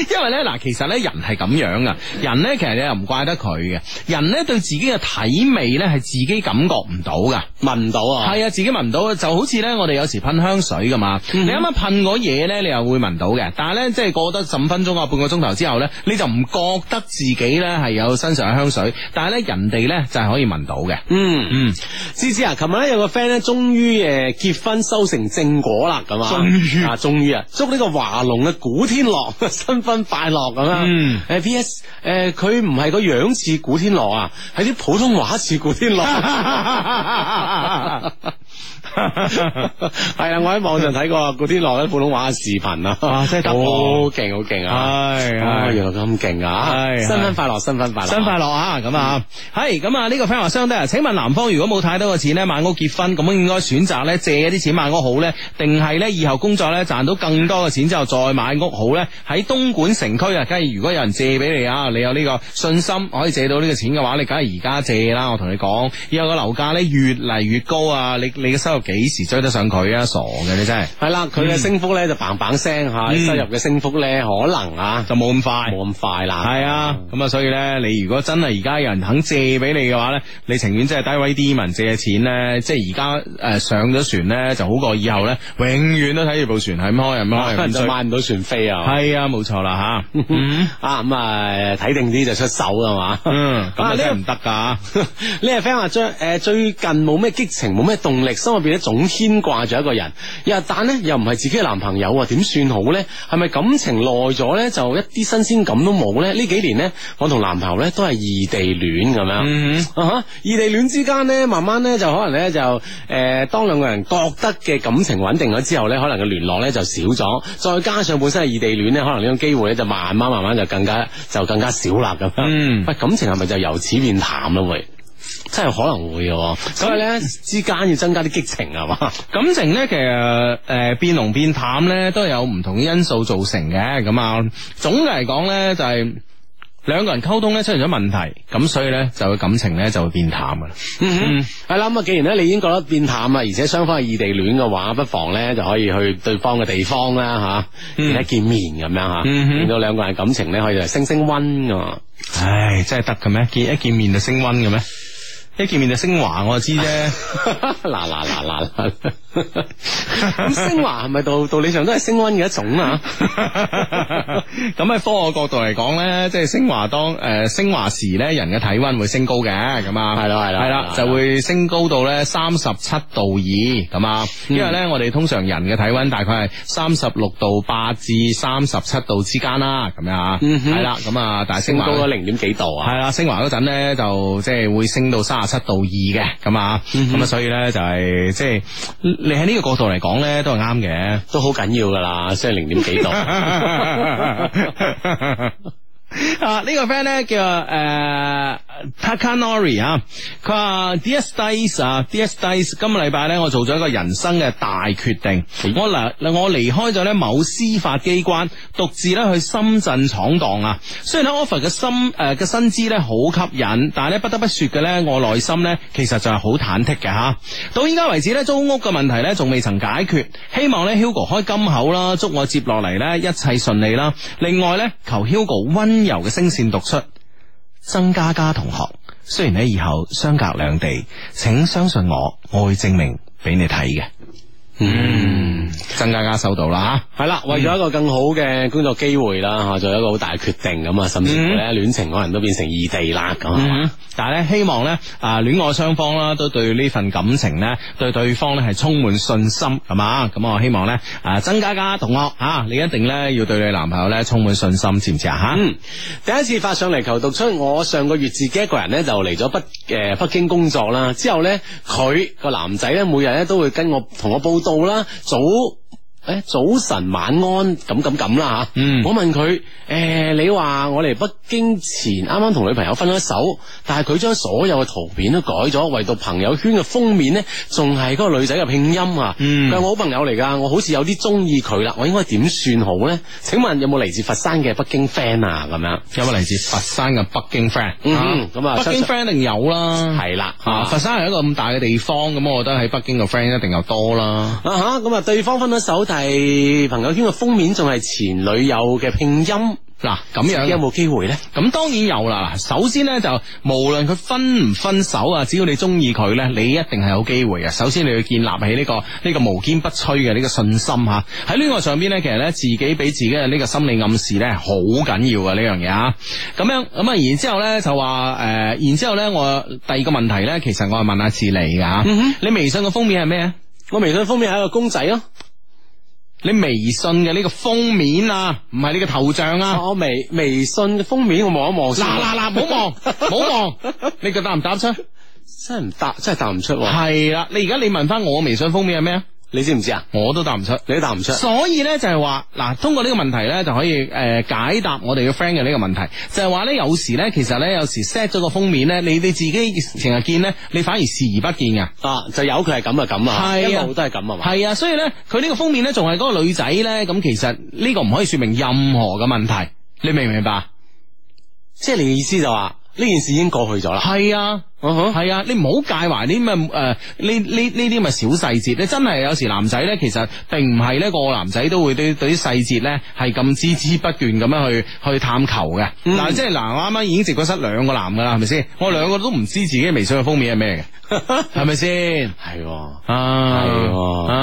因為咧嗱，其實咧人係咁樣啊，人咧其實你又唔怪得佢嘅，人咧對自己嘅體味咧係自己感覺唔到噶，聞唔到啊，係啊，自己聞唔到就。好似咧，我哋有時噴香水噶嘛，嗯、哼你啱啱噴嗰嘢咧，你又會聞到嘅。但係咧，即係過得十五分鐘啊，半個鐘頭之後咧，你就唔覺得自己咧係有身上嘅香水，但係咧人哋咧就係可以聞到嘅。嗯嗯，芝芝啊，琴日咧有個 friend 咧終於誒結婚收成正果啦，咁於啊，終於啊，終於啊，祝呢個華龍嘅古天樂新婚快樂咁啊！誒，P. S. 誒、嗯，佢唔係個樣似古天樂啊，係啲普通話似古天樂。 係 啊，我喺網上睇過嗰啲內地普通話嘅視頻啊，真係好勁，好勁啊！係係、嗯，原來咁勁啊！係，新婚快樂，新婚快樂，新快樂啊！咁啊，係咁啊，呢個 friend 話相得啊，請問男方如果冇太多嘅錢呢，買屋結婚，咁應該選擇呢，借一啲錢買屋好呢？定係呢？以後工作呢，賺到更多嘅錢之後再買屋好呢？喺東莞城區啊，假如如果有人借俾你啊，你有呢個信心可以借到呢個錢嘅話，你梗係而家借啦！我同你講，以後個樓價呢，越嚟越高啊！你你嘅又幾時追得上佢啊？傻嘅你真係係啦，佢嘅升幅咧就砰砰聲吓，收入嘅升幅咧可能啊就冇咁快，冇咁快啦。係啊，咁啊，所以咧，你如果真係而家有人肯借俾你嘅話咧，你情願即係低位啲人借嘅錢咧，即係而家誒上咗船咧就好過以後咧永遠都睇住部船係咁開係咁開，就買唔到船飛啊！係啊，冇錯啦吓啊，咁啊睇定啲就出手啊嘛。嗯，咁啊睇唔得噶。你係 friend 話最誒最近冇咩激情，冇咩動力，變咗總牽掛住一個人，但又但咧又唔係自己嘅男朋友啊，點算好呢？係咪感情耐咗呢？就一啲新鮮感都冇呢。呢幾年呢，我同男朋友呢都係異地戀咁樣，嗯哼、啊、異地戀之間呢，慢慢呢，就可能呢，就、呃、誒，當兩個人覺得嘅感情穩定咗之後呢，可能嘅聯絡呢就少咗，再加上本身係異地戀呢，可能呢種機會呢，就慢慢慢慢就更加就更加少啦咁。嗯，感情係咪就由此變淡啦？會？真係可能會，所以咧之間要增加啲激情係嘛？ 感情咧，其實誒變濃變淡咧都有唔同啲因素造成嘅。咁啊，總嘅嚟講咧就係兩個人溝通咧出現咗問題，咁所以咧就會感情咧就會變淡噶啦。嗯嗯，係啦、嗯。咁啊、嗯，既然咧你已經覺得變淡啊，而且雙方係異地戀嘅話，不妨咧就可以去對方嘅地方啦，吓、嗯、見一見面咁樣吓，令、嗯、哼到兩個人感情咧可以就升升溫噶。唉，真係得嘅咩？見一見面就升溫嘅咩？一見面就升華，我就知啫。嗱嗱嗱嗱嗱，咁升華係咪道道理上都係升溫嘅一種啊？咁 喺科學角度嚟講咧，即係升華當誒升華時咧，人嘅體溫會升高嘅，咁啊 樣，係啦係啦係啦，就會升高到咧三十七度二，咁啊，因為咧我哋通常人嘅體溫大概係三十六度八至三十七度之間啦，咁樣啊，係啦、嗯哼，咁啊，但係升，升高咗零點幾度啊？係啦，升華嗰陣咧就即係會升到三。七度二嘅。咁啊，咁啊、嗯， 所以咧就係即係你喺呢個角度嚟講咧都係啱嘅，都好緊要噶啦，即係零點幾度啊！這個、呢個 friend 咧叫誒。呃 Takanori 啊，佢話 DS Dice 啊，DS Dice 今個禮拜呢，我做咗一個人生嘅大決定。我離我離開咗咧某司法機關，獨自咧去深圳闖蕩啊。雖然喺 offer 嘅、呃、身誒嘅薪資咧好吸引，但係咧不得不說嘅呢，我內心呢，其實就係好忐忑嘅吓。到依家為止呢，租屋嘅問題呢，仲未曾解決。希望呢 Hugo 開金口啦，祝我接落嚟呢，一切順利啦。另外呢，求 Hugo 溫柔嘅聲線讀出。曾嘉嘉同學，雖然你以後相隔兩地，請相信我，我會證明俾你睇嘅。嗯，曾嘉嘉收到啦吓，係啦了，嗯、為咗一個更好嘅工作機會啦吓，嗯、做一個好大嘅決定咁啊，甚至乎咧戀情可能都變成異地啦咁。嗯、吧但係咧希望咧啊，戀愛雙方啦都對呢份感情咧，對對方咧係充滿信心係嘛？咁我希望咧啊，曾嘉嘉同學吓你一定咧要對你男朋友咧充滿信心，知唔知啊吓？嗯，第一次發上嚟求讀出，我上個月自己一個人咧就嚟咗北誒、呃、北京工作啦，之後咧佢個男仔咧每日咧都會跟我同我煲。做啦，早。誒，早晨晚安咁咁咁啦吓，我問佢誒，你話我嚟，北京前啱啱同女朋友分咗手，但係佢將所有嘅圖片都改咗，唯獨朋友圈嘅封面咧，仲係個女仔嘅拼音啊。佢係我好朋友嚟噶，我好似有啲中意佢啦，我應該點算好咧？請問有冇嚟自佛山嘅北京 friend 啊？咁樣有冇嚟自佛山嘅北京 friend？嗯，咁啊，北京 friend 定有啦。係啦，佛山係一個咁大嘅地方，咁我覺得喺北京嘅 friend 一定有多啦。啊哈，咁啊，對方分咗手。係朋友圈嘅封面仲係前女友嘅拼音嗱，咁、啊、樣有冇機會呢？咁當然有啦。首先呢，就無論佢分唔分手啊，只要你中意佢呢，你一定係有機會啊。首先你要建立起呢、呢個呢、呢個無堅不摧嘅呢個信心吓。喺、啊、呢個上邊呢，其實呢，自己俾自己嘅呢個心理暗示、啊、呢，好緊要啊呢樣嘢啊。咁樣咁啊，然之後呢就話誒，然之後呢我第二個問題呢，其實我係問阿志利噶、嗯、哼你微信嘅封面係咩啊？我微信封面係一個公仔咯。你微信嘅呢、這個封面啊，唔係你個頭像啊。哦、微微我微微信封面，我望一望。嗱嗱嗱，唔好望，唔好望。你個答唔答出？真係唔答，真係答唔出。係啦，你而家你問翻我微信封面係咩啊？你知唔知啊？我都答唔出，你都答唔出。所以呢，就係話，嗱，通過呢個問題呢，就可以誒解答我哋嘅 friend 嘅呢個問題，就係話呢，有時呢，其實呢，有時 set 咗個封面呢，你你自己成日見呢，你反而視而不見噶，啊，就有佢係咁啊咁啊，一路都係咁啊嘛。係啊，所以呢，佢呢個封面呢，仲係嗰個女仔呢。咁其實呢個唔可以說明任何嘅問題，你明唔明白？即係你意思就話，是、呢件事已經過去咗啦。係啊。嗯哼，係啊，你唔好介懷啲咩誒，呢呢呢啲咁嘅小細節。你真係有時男仔咧，其實並唔係呢個男仔都會對 都會對啲細節咧係咁孜孜不倦咁樣去去探求嘅。嗱、嗯啊，即係嗱，我啱啱已經直過失兩個男噶啦，係咪先？我兩個都唔知自己微信嘅封面係咩嘅，係咪先？係，係，啊，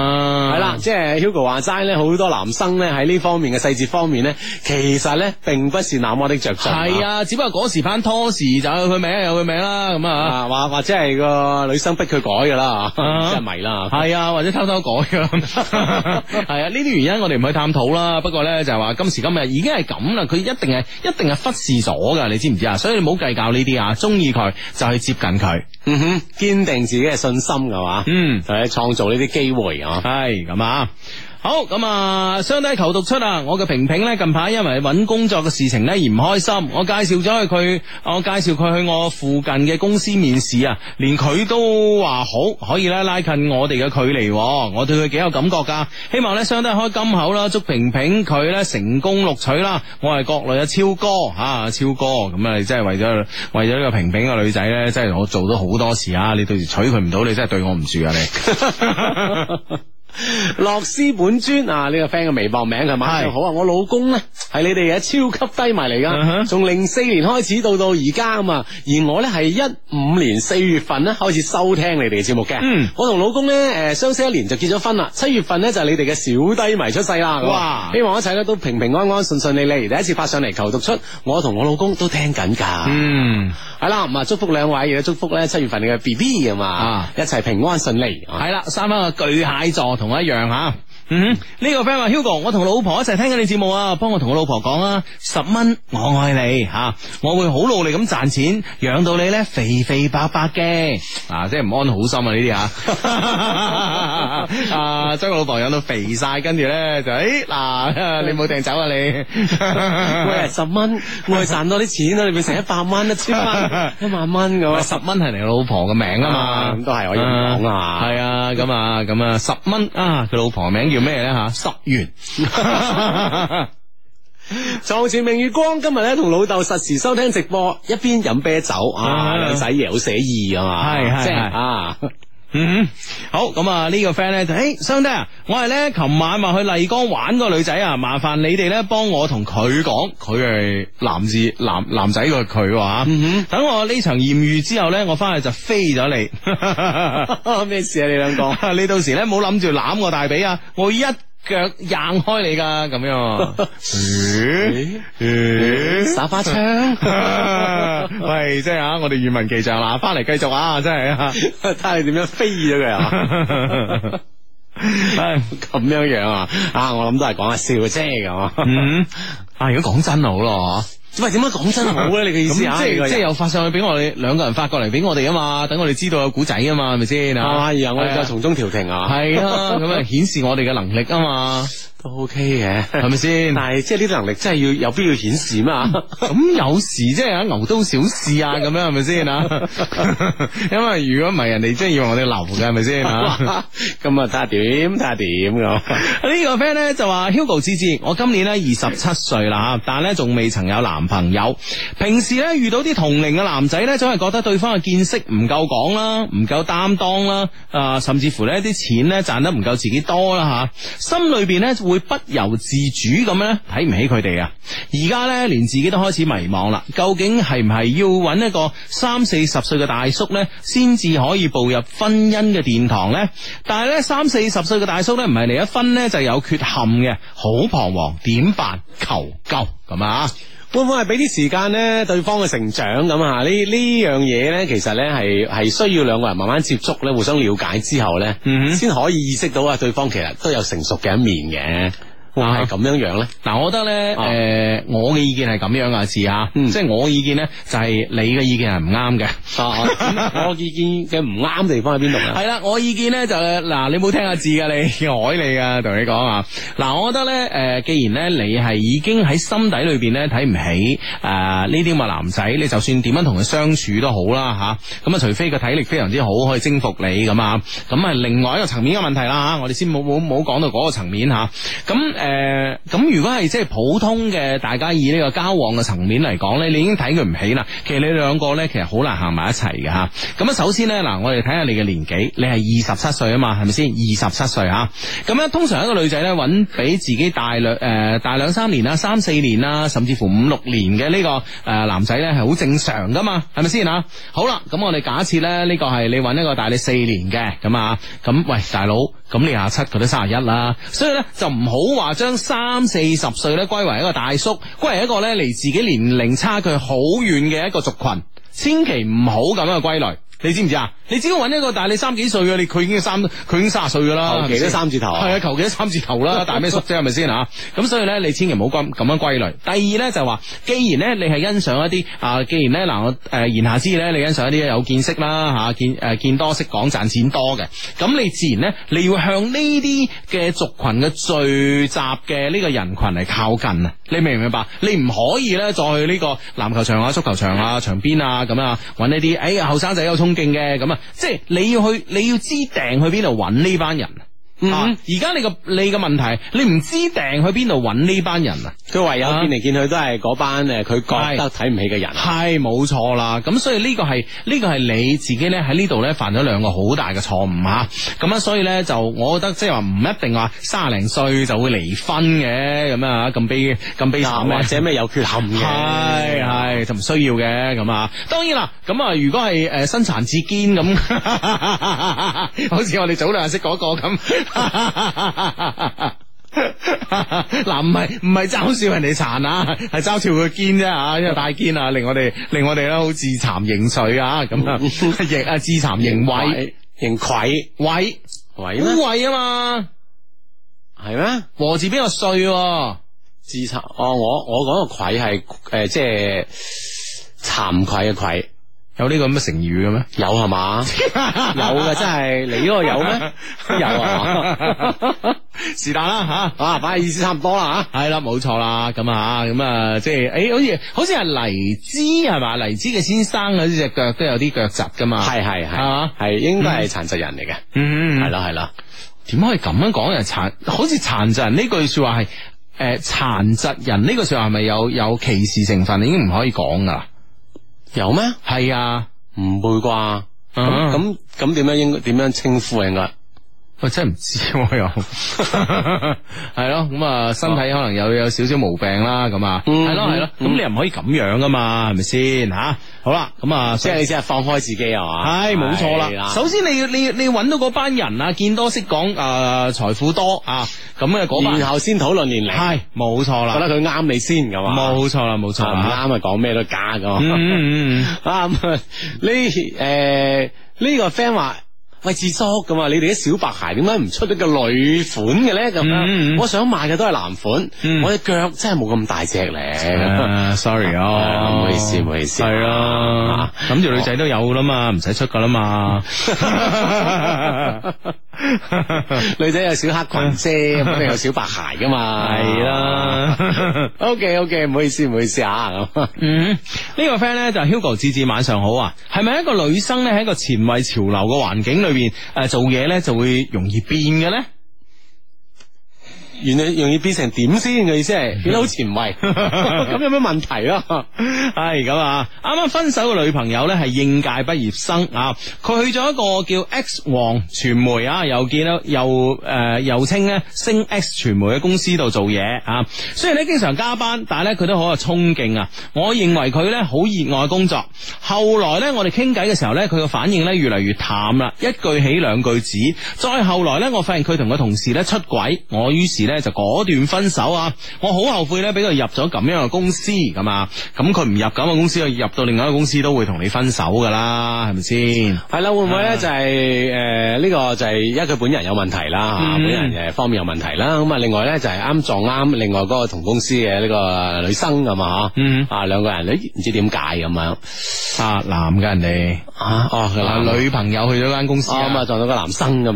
係啦， 即係 Hugo 話齋咧，好多男生咧喺呢方面嘅細節方面咧，其實咧並不是那麼的着重。係啊，只不過嗰時拍拖時就有佢名，有佢名啦，咁啊。啊，或或者係個女生逼佢改噶啦， 即係咪啦，係啊，或者偷偷改噶，係 啊，呢啲原因我哋唔去探討啦。不過咧就係、是、話今時今日已經係咁啦，佢一定係一定係忽視咗噶，你知唔知啊？所以你唔好計較呢啲啊，中意佢就去、是、接近佢，嗯哼，堅定自己嘅信心噶嘛，嗯，就係創造呢啲機會、嗯、啊，係咁啊。好咁啊，雙低求讀出啊！我嘅平平呢，近排因為揾工作嘅事情呢而唔開心，我介紹咗佢，我介紹佢去我附近嘅公司面試啊，連佢都話好，可以呢拉近我哋嘅距離，我對佢幾有感覺㗎。希望呢雙低開金口啦，祝平平佢呢成功錄取啦！我係國內嘅超哥吓、啊，超哥咁啊，你真係為咗為咗呢個平平嘅女仔呢，真係我做咗好多事啊！你到時娶佢唔到，你真係對我唔住啊你。 洛斯本尊啊，呢、這個 friend 嘅微博名係嘛好啊！我老公呢，係你哋嘅超級低迷嚟噶，從零四年開始到到而家啊嘛，而我呢係一五年四月份咧開始收聽你哋嘅節目嘅。嗯，我同老公呢，誒相識一年就結咗婚啦，七月份呢，就係你哋嘅小低迷出世啦。哇！希望一齊咧都平平安安、順順利利。第一次發上嚟求讀出，我同我老公都聽緊噶。嗯，係啦，唔啊祝福兩位，亦祝福呢七月份你嘅 B B 啊嘛，一齊平安順利。係啦、嗯，三翻個巨蟹座同。同我一樣。嚇、huh?。嗯呢、嗯、個 friend 話 Hugo，我同老婆一齊聽緊你節目啊，幫我同我老婆講啊，十蚊，我愛你吓，我會好努力咁賺錢養到你咧肥肥白白嘅。啊，即係唔安好心啊，啊 呢啲、哎、啊， 啊，啊，將個老婆養到肥晒，跟住咧就誒，嗱你冇掟走啊你，喂，十蚊我賺多啲錢啊，你變成一百蚊一千蚊一萬蚊咁啊，十蚊係你老婆嘅名啊嘛，咁都係可以講啊，係啊，咁啊咁啊，十蚊啊，佢老婆名做咩咧吓？啊、十元，床 前明月光。今日咧同老豆實時收聽直播，一邊飲啤酒啊，仔爺好寫意啊嘛，係係啊。是是是嗯，哼，好咁啊！個呢個 friend 咧就，誒、欸，兄弟啊，我係咧琴晚話去麗江玩個女仔啊，麻煩你哋咧幫我同佢講，佢係男子男男仔個佢，話，嗯、哼，等我呢場艷遇之後咧，我翻去就飛咗你，咩 事啊？你兩個， 你到時咧唔好諗住攬我大髀啊，我一。腳硬開你噶咁樣，咦？咦？耍花槍， 喂，即係啊！我哋語文奇象啦，翻嚟繼續啊！真係啊，睇下你點樣飛咗佢啊！咁 唉樣樣啊！啊，我諗都係講下笑啫咁。 嗯，啊，如果講真好咯。喂，點解講真好咧？ 你嘅意思啊？咁即係即係又發上去俾我哋兩個人發過嚟俾我哋啊嘛，等我哋知道有古仔啊嘛，係咪先啊？哎呀、啊，我哋就從中調停啊，係啊，咁樣 顯示我哋嘅能力啊嘛。都 O K 嘅，係咪先？Okay、是是 但係即係呢啲能力真係要有必要顯示嘛？咁 有時即係喺牛刀小試啊，咁 樣係咪先啊？因為如果唔係，人哋真係以為我哋流嘅係咪先啊？咁啊睇下點，睇下點咁。呢個 friend 咧就話 Hugo 之之，我今年咧二十七歲啦，但係咧仲未曾有男朋友。平時咧遇到啲同齡嘅男仔咧，總係覺得對方嘅見識唔夠廣啦，唔夠擔當啦，啊、呃，甚至乎咧啲錢咧賺得唔夠自己多啦吓，心裏邊咧會。不由自主咁樣咧，睇唔起佢哋啊！而家咧，連自己都開始迷茫啦。究竟係唔係要揾一個三四十歲嘅大叔呢？先至可以步入婚姻嘅殿堂呢？但係咧，三四十歲嘅大叔呢，唔係離一婚呢，就有缺陷嘅，好彷徨，徨，點辦？求救咁啊！會唔會係俾啲時間咧？對方嘅成長咁啊！呢呢樣嘢咧，其實咧係係需要兩個人慢慢接觸咧，互相了解之後咧，先、mm hmm. 可以意識到啊！對方其實都有成熟嘅一面嘅。Mm hmm. 我係咁樣樣咧，嗱、啊，我覺得咧，誒，我嘅、 嗯、意見係咁樣嘅字吓，即係我嘅意見咧，就係你嘅意見係唔啱嘅。我意見嘅唔啱地方喺邊度啊？係啦，我意見咧就嗱，你冇聽下字噶你，你，我你噶，同你講啊。嗱，我覺得咧，誒、呃，既然咧你係已經喺心底裏邊咧睇唔起誒呢啲咁嘅男仔，你就算點樣同佢相處都好啦吓，咁啊，除非個體力非常之好可以征服你咁啊，咁啊，另外一個層面嘅問題啦吓、啊，我哋先冇冇冇講到嗰個層面吓，咁、啊、誒。啊啊誒，咁如果係即係普通嘅，大家以呢個交往嘅層面嚟講呢，你已經睇佢唔起啦。其實你兩個呢，其實好難行埋一齊嘅吓。咁啊，首先呢，嗱，我哋睇下你嘅年紀，你係二十七歲啊嘛，係咪先？二十七歲吓，咁咧通常一個女仔呢，揾比自己大兩誒、呃、大兩三年啦，三四年啦，甚至乎五六年嘅呢個誒男仔呢，係好正常噶嘛，係咪先啊？好啦，咁我哋假設呢，呢個係你揾一個大你四年嘅，咁啊，咁喂，大佬。咁你廿七，佢都卅一啦，所以咧就唔好話將三四十歲咧歸為一個大叔，歸為一個咧離自己年齡差距好遠嘅一個族群，千祈唔好咁樣嘅歸類。你知唔知啊？你只可搵一個大，但係你三幾歲嘅，你佢已經三，佢已經三十歲噶啦，求其啲三字頭，係啊， 求其啲三字頭啦，大咩叔啫，係咪先吓？咁所以咧，你千祈唔好咁咁樣歸類。第二咧就係話，既然咧你係欣賞一啲啊，既然咧嗱我誒言下之意咧，你欣賞一啲有見識啦吓，見誒見多識廣，賺錢多嘅，咁你自然咧你要向呢啲嘅族群嘅聚集嘅呢個人群嚟靠近啊。你明唔明白？你唔可以咧，再去呢個籃球場啊、足球場啊、場邊啊咁啊，揾呢啲。哎呀，後生仔有衝勁嘅咁啊，即係你要去，你要知定去邊度揾呢班人。 嗯，而家你個你個問題，你唔知訂去邊度搵呢班人啊？佢唯有見嚟見去都係嗰班誒，佢覺得睇唔是起嘅人，係冇錯啦。咁所以呢個係呢、這個係你自己咧喺呢度咧犯咗兩個好大嘅錯誤吓。咁啊，所以咧就我覺得即係話唔一定話卅零歲就會離婚嘅咁啊，咁悲咁悲慘或者咩有缺陷嘅，係係就唔需要嘅咁啊。啊當然啦，咁啊如果係誒身殘志堅咁，好、啊、似我哋早兩日識嗰、那個咁。啊嗱， 唔係唔係嘲笑人哋殘啊，係嘲笑佢堅啫吓，因為太堅嗎 啊，令我哋令我哋咧好自慚形穢啊，咁啊，亦啊自慚形穢，形愧，愧，污穢啊嘛，係咩？和字邊個歲？自慚哦，我我講個愧係誒，即係慚愧嘅愧，愧，愧。有呢個咁嘅成語嘅咩？有係是嘛？ 有嘅真係你呢個有咩？有 啊，是但啦吓啊，反正意思差唔多啦啊，係啦，冇錯啦，咁啊咁啊，即係誒，好似好似係黎姿係嘛？黎姿嘅先生嗰隻腳都有啲腳疾噶嘛？係係係，係應該係殘疾人嚟嘅，嗯，係啦係啦。點可以咁樣講人殘？好似殘疾人呢句說話係誒殘疾人呢個說話係咪有有歧視成分？已經唔可以講噶。有咩？係啊，唔會啩？咁咁咁點樣應？應該點樣稱呼人噶？我真係唔知我又，係咯咁啊，身體可能有有少少毛病啦，咁啊，係咯係咯，咁你又唔可以咁樣噶嘛，係咪先吓？好啦，咁啊，即係你即係放開自己啊嘛，係冇錯啦。首先你要你你揾到嗰班人啊，見多識講，誒，財富多啊，咁嘅嗰班，然後先討論年齡，係冇錯啦。覺得佢啱你先，噶嘛。冇錯啦，冇錯，唔啱啊，講咩都假噶。嗯嗯，啊，呢誒呢個 friend 話。係自足噶嘛？你哋啲小白鞋點解唔出得個女款嘅咧？咁樣，嗯，我想買嘅都係男款，嗯，我隻腳真係冇咁大隻咧。Uh, sorry ，uh, 啊，唔好意思，唔好意思，係啊，諗住女仔都有啦嘛，唔使出噶啦嘛。 女仔有小黑裙啫， 肯定有小白鞋噶嘛，係啦。OK OK，唔好意思，唔好意思吓。 嗯，呢、這個 friend 咧就 Hugo 智智，晚上好啊。係咪一個女生咧喺一個前衛潮流嘅環境裏邊誒、呃、做嘢咧就會容易變嘅咧？原嚟容易變成點先？嘅意思係變得好前衛，咁有咩問題、 哎、啊，係咁啊！啱啱分手嘅女朋友咧，係應屆畢業生啊！佢去咗一個叫 X 王傳媒啊，又見啦，又誒、呃、又稱咧星 X 傳媒嘅公司度做嘢啊！雖然咧經常加班，但係咧佢都好有衝勁啊！我認為佢咧好熱愛工作。後來咧，我哋傾偈嘅時候咧，佢嘅反應咧越嚟越淡啦，一句起兩句止。再後來咧，我發現佢同個同事咧出軌，我於是。咧就果斷分手啊！我好後悔咧，俾佢入咗咁樣嘅公司咁啊！咁佢唔入咁嘅公司，佢入到另外一個公司都會同你分手噶啦，係咪先？係啦，會唔會咧就係誒呢個就係因為佢本人有問題啦，本人誒方面有問題啦。咁啊，另外咧就係啱撞啱另外嗰個同公司嘅呢個女生咁啊，嗯啊兩個人誒唔知點解咁樣啊男嘅人哋啊哦，女朋友去咗間公司咁啊，撞到個男生咁唔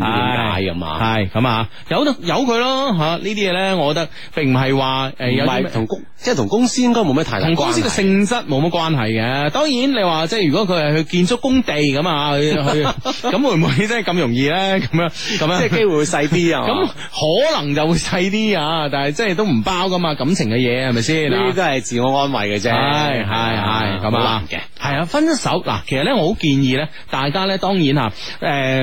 知點解咁啊？係咁啊，有得有佢咯吓。呢啲嘢咧，我覺得並唔係話誒，唔係同公，即係同公司應該冇咩太大關係，同公司嘅性質冇乜關係嘅。當然你，你話即係如果佢係去建築工地咁啊，咁 會唔會真係咁容易咧？咁樣咁樣，樣即係機會會細啲啊？咁 可能就會細啲啊，但係即係都唔包噶嘛，感情嘅嘢係咪先？是是呢啲都係自我安慰嘅啫，係係係咁啊。係啊，分手嗱，其實呢，我好建議咧，大家呢，當然吓，誒、呃，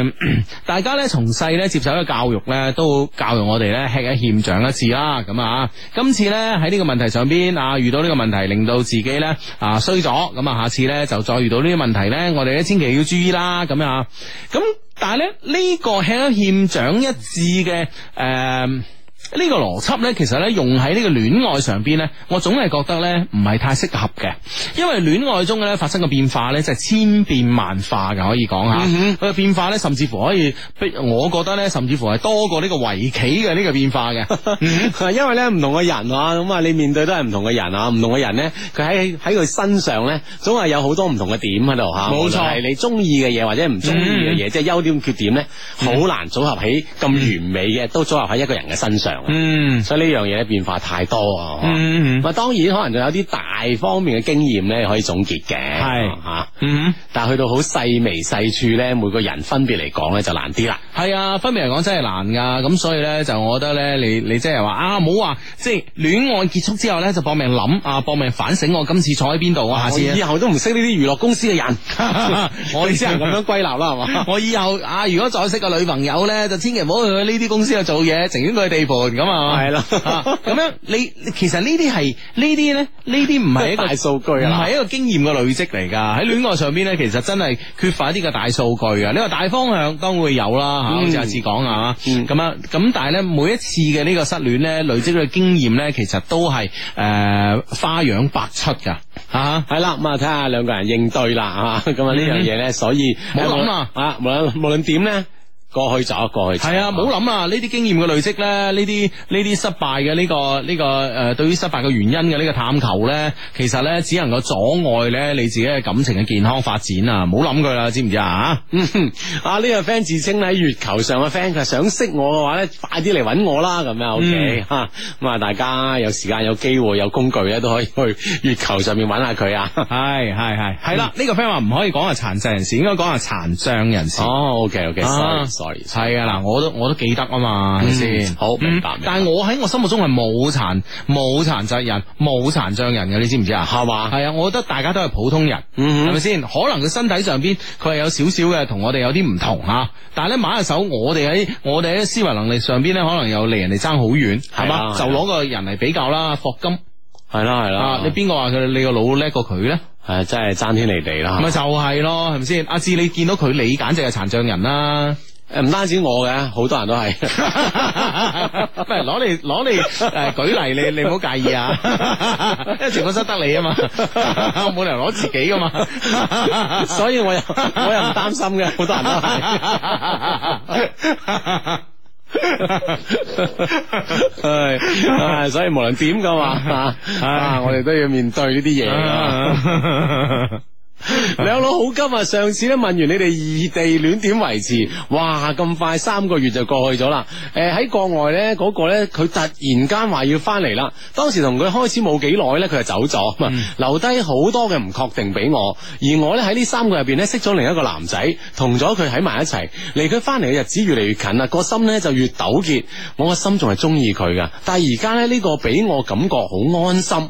大家呢從細咧接受嘅教育呢，都教育我哋呢，吃一塹長一智啦。咁啊，今次呢喺呢個問題上邊啊，遇到呢個問題，令到自己呢啊、呃、衰咗，咁啊，下次呢就再遇到呢啲問題呢，我哋呢千祈要注意啦。咁樣啊，咁但係呢，呢、這個吃一塹長一智嘅誒。呃個呢個邏輯咧，其實咧用喺呢個戀愛上邊咧，我總係覺得咧唔係太適合嘅，因為戀愛中嘅咧發生嘅變化咧，就係、是、千變萬化嘅，可以講吓。佢嘅、嗯、哼變化咧，甚至乎可以，逼我覺得咧，甚至乎係多過呢個圍棋嘅呢個變化嘅。係、嗯、哼因為咧唔同嘅人啊，咁啊你面對都係唔同嘅人啊，唔同嘅人咧，佢喺喺佢身上咧，總係有好多唔同嘅點喺度吓。冇、啊、錯，係錯你中意嘅嘢或者唔中意嘅嘢，嗯、哼即係優點缺點咧，好、嗯、難組合起咁完美嘅，都組合喺一個人嘅身上。嗯，所以呢樣嘢變化太多啊，嗯，嗯，啊當然可能仲有啲大方面嘅經驗咧可以總結嘅，係吓是，嗯，但係去到好細微細處咧，每個人分別嚟講咧就難啲啦。係啊，分別嚟講真係難噶，咁所以咧就我覺得咧，你你即係話啊，唔好話即係戀愛結束之後咧就搏命諗啊，搏命反省我今次坐喺邊度，我下次以後都唔識呢啲娛樂公司嘅人，我哋即係咁樣歸納啦，係嘛，我以後， 我以後啊如果再識個女朋友咧，就千祈唔好去呢啲公司度做嘢，情願去地盤。咁啊，係啦，咁樣你其實呢啲係呢啲咧，呢啲唔係一個 大數據啊，係一個經驗嘅累積嚟噶。喺戀愛上邊咧，其實真係缺乏一啲嘅大數據啊。你話大方向當然會有啦，吓、嗯，好似阿志講啊，咁啊、嗯，咁但係咧，每一次嘅呢個失戀咧，累積嘅經驗咧，其實都係誒花樣百出噶，吓，係啦。咁啊，睇下兩個人應對啦，吓、啊，咁啊呢樣嘢咧，所以、嗯、無論啊，無論無論點咧。過去就一過去，係啊，唔好諗啊！呢啲經驗嘅累積咧，呢啲呢啲失敗嘅呢個呢個誒，對於失敗嘅原因嘅呢個探求咧，其實咧只能夠阻礙咧你自己嘅感情嘅健康發展啊！唔好諗佢啦，知唔知啊？啊，呢個 friend 自稱喺月球上嘅 friend，佢想識我嘅話咧，快啲嚟搵我啦！咁樣，OK 吓，咁啊，大家有時間、有機會、有工具咧，都可以去月球上面搵下佢啊！係係係係啦！呢個 friend 話唔可以講係殘疾人士，應該講係殘障人士。哦，OK OK。係啊，嗱，我都我都記得啊嘛，係咪先？好明白。但係我喺我心目中係冇殘冇殘障人冇殘障人嘅，你知唔知啊？係嘛？係啊，我覺得大家都係普通人，係咪先？可能佢身體上邊佢係有少少嘅同我哋有啲唔同吓，但係咧，馬下手我哋喺我哋喺思維能力上邊咧，可能又離人哋爭好遠，係嘛？就攞個人嚟比較啦，霍金係啦係啦，你邊個話佢你個腦叻過佢咧？係真係爭天離地啦，咪就係咯，係咪先？阿志，你見到佢，你簡直係殘障人啦。誒，唔單止我嘅，好多人都係，不如攞你攞你，誒，舉例你你唔好介意啊， 因為直播室得你啊嘛，冇 理由攞自己噶嘛。 所以我我又唔擔心嘅，好多人都係，唉，所以無論點噶嘛，啊，我哋都要面對呢啲嘢。 兩老 好急啊！上次咧問完你哋異地戀點維持，哇咁快三個月就過去咗啦。誒、呃、喺國外呢嗰、嗰個呢，佢突然間話要翻嚟啦。當時同佢開始冇幾耐呢，佢就走咗，嗯、留低好多嘅唔確定俾我。而我呢，喺呢三個入邊呢，識咗另一個男仔，同咗佢喺埋一齊。離佢翻嚟嘅日子越嚟越近啦，個心呢就越糾結。我個心仲係中意佢㗎，但係而家呢，呢、呢個俾我感覺好安心，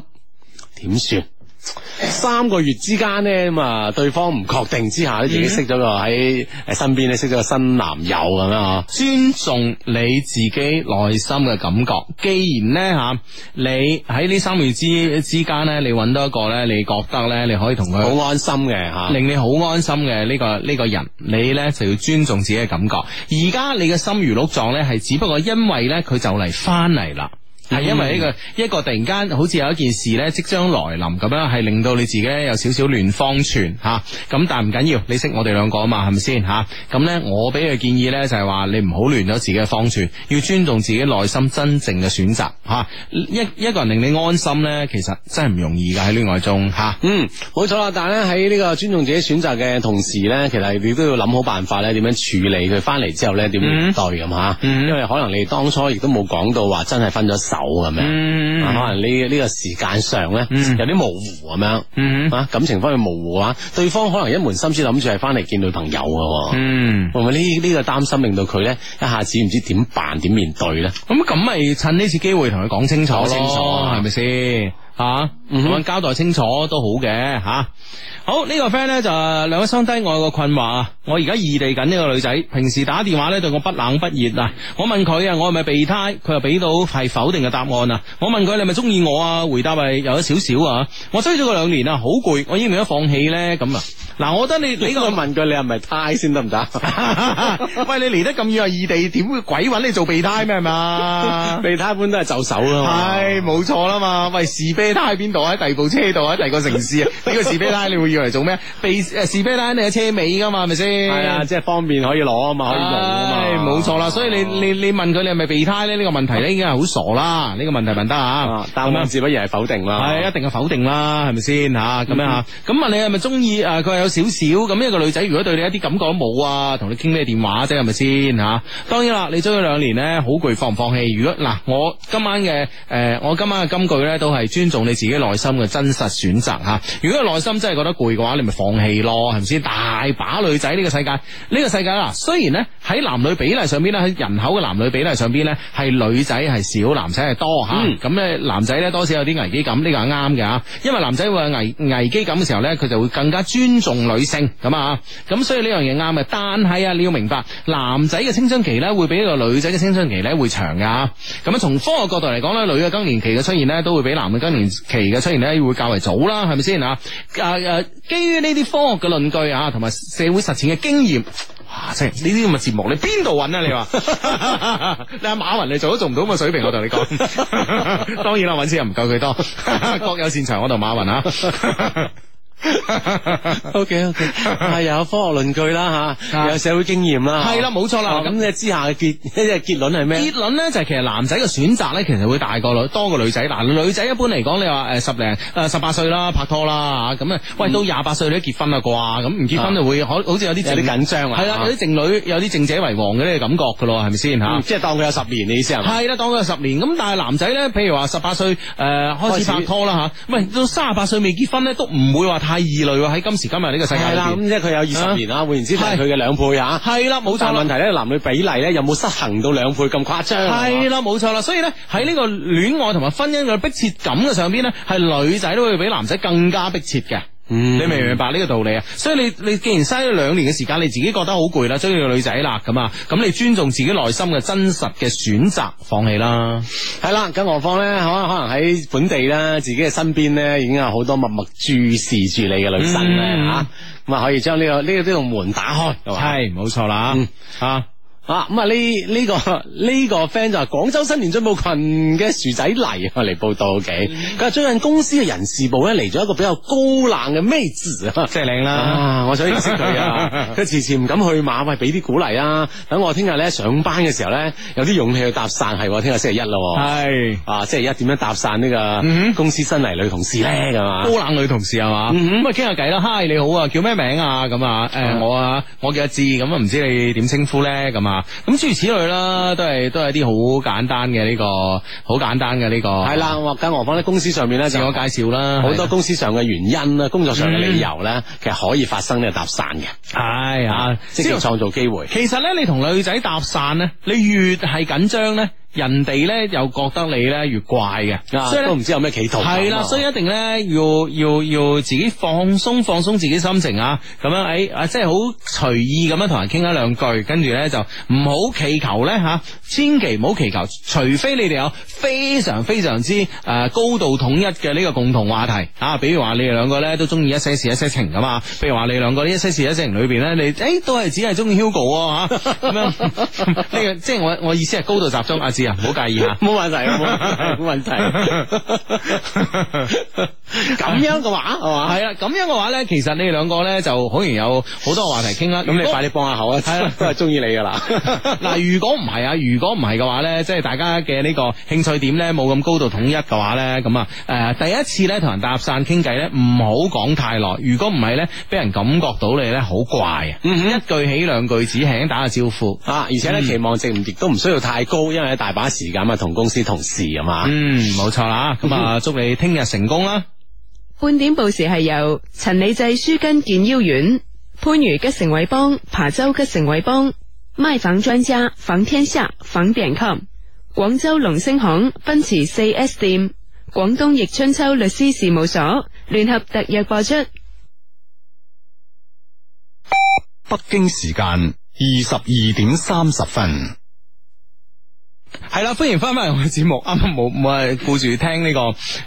點算？三個月之間呢，咁啊，對方唔確定之下咧，自己識咗個喺身邊咧，識咗個新男友咁啊！嗯、尊重你自己內心嘅感覺，既然呢，吓、啊、你喺呢三個月之之間咧，你揾到一個呢，你覺得呢，你可以同佢好安心嘅吓，啊、令你好安心嘅呢、呢個呢、呢個人，你呢就要尊重自己嘅感覺。而家你嘅心如鹿撞呢，係只不過因為呢，佢就嚟翻嚟啦。係因為呢個一個突然間好似有一件事咧即將來臨咁啦，係令到你自己有少少亂方寸吓。咁、啊、但係唔緊要，你識我哋兩個嘛，係咪先吓？咁、啊、咧，我俾佢建議咧就係話你唔好亂咗自己嘅方寸，要尊重自己內心真正嘅選擇吓、啊。一一個人令你安心咧，其實真係唔容易噶喺戀愛中吓。啊、嗯，冇錯啦。但係咧喺呢個尊重自己選擇嘅同時咧，其實你都要諗好辦法咧，點樣處理佢翻嚟之後咧點對咁吓。嗯嗯、因為可能你當初亦都冇講到話真係分咗手。咁樣，嗯、但可能呢呢個時間上咧有啲模糊咁樣，嗯，啊感情方面模糊啊，嗯、對方可能一門心思諗住係翻嚟見女朋友嘅，嗯、會唔會呢呢個擔心令到佢咧一下子唔知點辦點面對咧？咁咁咪趁呢次機會同佢講清楚清楚咯，係咪先？吓，啊嗯、哼交代清楚都好嘅吓、啊。好、這個、呢個 friend 咧就兩相低，我有個困惑啊。我而家異地緊呢個女仔，平時打電話咧對我不冷不熱啊、嗯。我問佢啊，我係咪備胎？佢又俾到係否定嘅答案啊。我問佢你係咪中意我啊？回答係有少少啊。我追咗佢兩年啊，好攰，我已應該放棄咧咁啊。嗱，我覺得你你咁個個問佢，你係咪胎先得唔得？ 喂，你嚟得咁遠啊，異地點會鬼揾你做備胎咩？係 嘛，備胎一般都係就手噶。係，冇錯啦嘛。喂，是非。胎喺邊度啊？喺第二部車度啊？喺第二個城市啊？呢個士啤胎你會以為做咩？備誒，士啤胎你喺車尾噶嘛？係咪先？係啊，即係方便可以攞啊嘛，可以用啊嘛，冇錯啦。所以你你你問佢，你係咪備胎咧？呢個問題咧已經係好傻啦。呢個問題問得啊，咁啊，自不亦係否定啦？係一定係否定啦，係咪先吓？咁樣吓？咁問你係咪中意？誒，佢有少少，咁一個女仔，如果對你一啲感覺都冇啊，同你傾咩電話啫？係咪先吓？當然啦，你追咗兩年咧，好攰，放唔放棄？如果嗱，我今晚嘅誒，我今晚嘅金句咧都係專。做你自己內心嘅真實選擇吓，如果個內心真係覺得攰嘅話，你咪放棄咯，係咪先？大把女仔呢個世界，呢、呢個世界啊。雖然呢，喺男女比例上邊呢，喺人口嘅男女比例上邊呢，係女仔係少，男仔係多吓。咁呢、嗯，男仔呢，多少有啲危機感，呢個係啱嘅啊，因為男仔會有危危機感嘅時候呢，佢就會更加尊重女性咁啊。咁所以呢樣嘢啱啊，但係啊你要明白，男仔嘅青春期呢，會比一個女仔嘅青春期呢，會長噶。咁啊從科學角度嚟講呢，女嘅更年期嘅出現呢，都會比男嘅更年。期嘅出現咧會較為早啦，係咪先啊？誒、啊、誒，基於呢啲科學嘅論據啊，同埋社會實踐嘅經驗，哇！即係呢啲咁嘅節目，你邊度揾？啊？你話 你阿馬雲你做都做唔到咁嘅水平，我同你講。 當然啦，揾錢又唔夠佢多， 各有擅長。我同馬雲啊。O K O K，係又有科學論據啦吓，有社會經驗啦，係啦，冇錯啦。咁你之下嘅結，即係結論係咩？結論呢就係其實男仔嘅選擇呢，其實會大個女多過女仔。嗱，女仔一般嚟講，你話誒十零十八歲啦，拍拖啦咁啊，喂到廿八歲你都結婚啦啩？咁唔結婚就會可好似有啲有啲緊張啊。係啦，有啲剩女，有啲剩者為王嘅呢個感覺噶咯，係咪先吓？即係當佢有十年，你意思係咪？係啦，當佢有十年。咁但係男仔呢，譬如話十八歲誒開始拍拖啦吓，喂到三十八歲未結婚呢，都唔會話太二類喎，喺今時今日呢個世界，咁即係佢有二十年啦，換言之係佢嘅兩倍啊。係啦，冇錯。問題咧，男女比例咧有冇失衡到兩倍咁誇張？係啦，冇錯啦。所以咧，喺呢個戀愛同埋婚姻嘅迫切感嘅上邊咧，係女仔都會比男仔更加迫切嘅。嗯，你明唔明白呢個道理啊？所以你你既然嘥咗兩年嘅時間，你自己覺得好攰啦，中意個女仔啦，咁啊，咁你尊重自己內心嘅真實嘅選擇，放棄啦，係啦，更何況呢？可可能喺本地啦，自己嘅身邊呢，已經有好多默默注視住你嘅女神咧，吓咁、嗯、啊，可以將呢、這個呢個呢個門打開，係冇錯啦，吓。嗯啊啊咁啊呢呢個呢、呢個 friend 就話廣州新年進步群嘅薯仔黎嚟報道，嘅、okay? 嗯，佢話最近公司嘅人事部咧嚟咗一個比較高冷嘅妹子啊，即係靚啦，我想認識佢啊，佢遲遲唔敢去馬，喂俾啲鼓勵啊，等我聽日咧上班嘅時候咧有啲勇氣去搭訕，係、啊，聽日星期一咯，係是，啊星期一點樣搭訕呢個公司新嚟女同事咧，係嘛、嗯，高冷女同事係嘛，咁啊傾下偈啦，嗨你好啊，呃、叫咩名啊，咁啊，誒我啊我叫阿志，咁啊唔知你點稱呼咧，咁啊。咁諸如此類啦，都係都係一啲好簡單嘅呢個，好簡單嘅呢個。係啦，更何況喺公司上面咧自我介紹啦，好 多公司上嘅原因啦，工作上嘅理由咧， 其實可以發生呢個搭訕嘅。係啊，即係創造機會。其實咧，你同女仔搭訕咧，你越係緊張咧。人哋咧又覺得你咧越怪嘅，所以都唔知有咩企圖。係啦，所以一定咧要要要，要自己放鬆放鬆自己心情啊！咁樣誒啊，即係好隨意咁樣同人傾一兩句，跟住咧就唔好祈求咧吓、啊，千祈唔好祈求，除非你哋有非常非常之誒高度統一嘅呢個共同話題啊！比如話你哋兩個咧都中意一些事一些情噶啊，比如話你兩個呢一些事一些情裏邊咧，你誒都係只係中意 Hugo 吓咁樣呢個， 即係我我意思係高度集中啊！唔好介意吓，冇 問題，冇問題。咁 樣嘅話，係嘛、 哦？係啊，咁樣嘅話咧，其實你哋兩個咧就好容易有好多話題傾啦。咁你快啲幫下口啊！係啦，都係中意你噶啦。嗱，如果唔係啊，如果唔係嘅話咧，即係大家嘅呢個興趣點咧冇咁高度統一嘅話咧，咁啊誒，第一次咧同人搭訕傾偈咧，唔好講太耐。如果唔係咧，俾人感覺到你咧好怪啊！嗯嗯，一句起兩句止，輕輕打個招呼啊！而且咧期望值唔亦都唔需要太高，因為大把時間啊，同公司同事啊嘛，嗯，冇錯啦。咁啊、嗯，祝你聽日成功啦！半點報時係由陳理濟、舒根健腰丸、番禺吉成偉邦、琶洲吉成偉邦賣房專家房天下房點 c o 廣州龍星行奔馳四 s 店、廣東易春秋律師事務所聯合特約播出。北京時間二十二點三十分。係啦，歡迎翻返嚟我嘅節目，啱冇冇係顧住聽呢個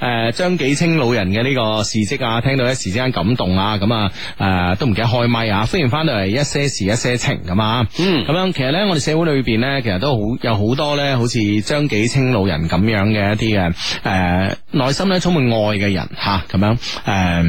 誒張紀清老人嘅呢個事迹啊，聽到一時之間感動啊。咁啊誒都唔記得開麥啊，歡迎翻到嚟一些事一些情咁啊，嗯，咁樣其實呢，我哋社會裏邊呢，其實都好有好多呢，好似張紀清老人咁樣嘅一啲嘅誒內心呢，充滿愛嘅人吓，咁樣誒。呃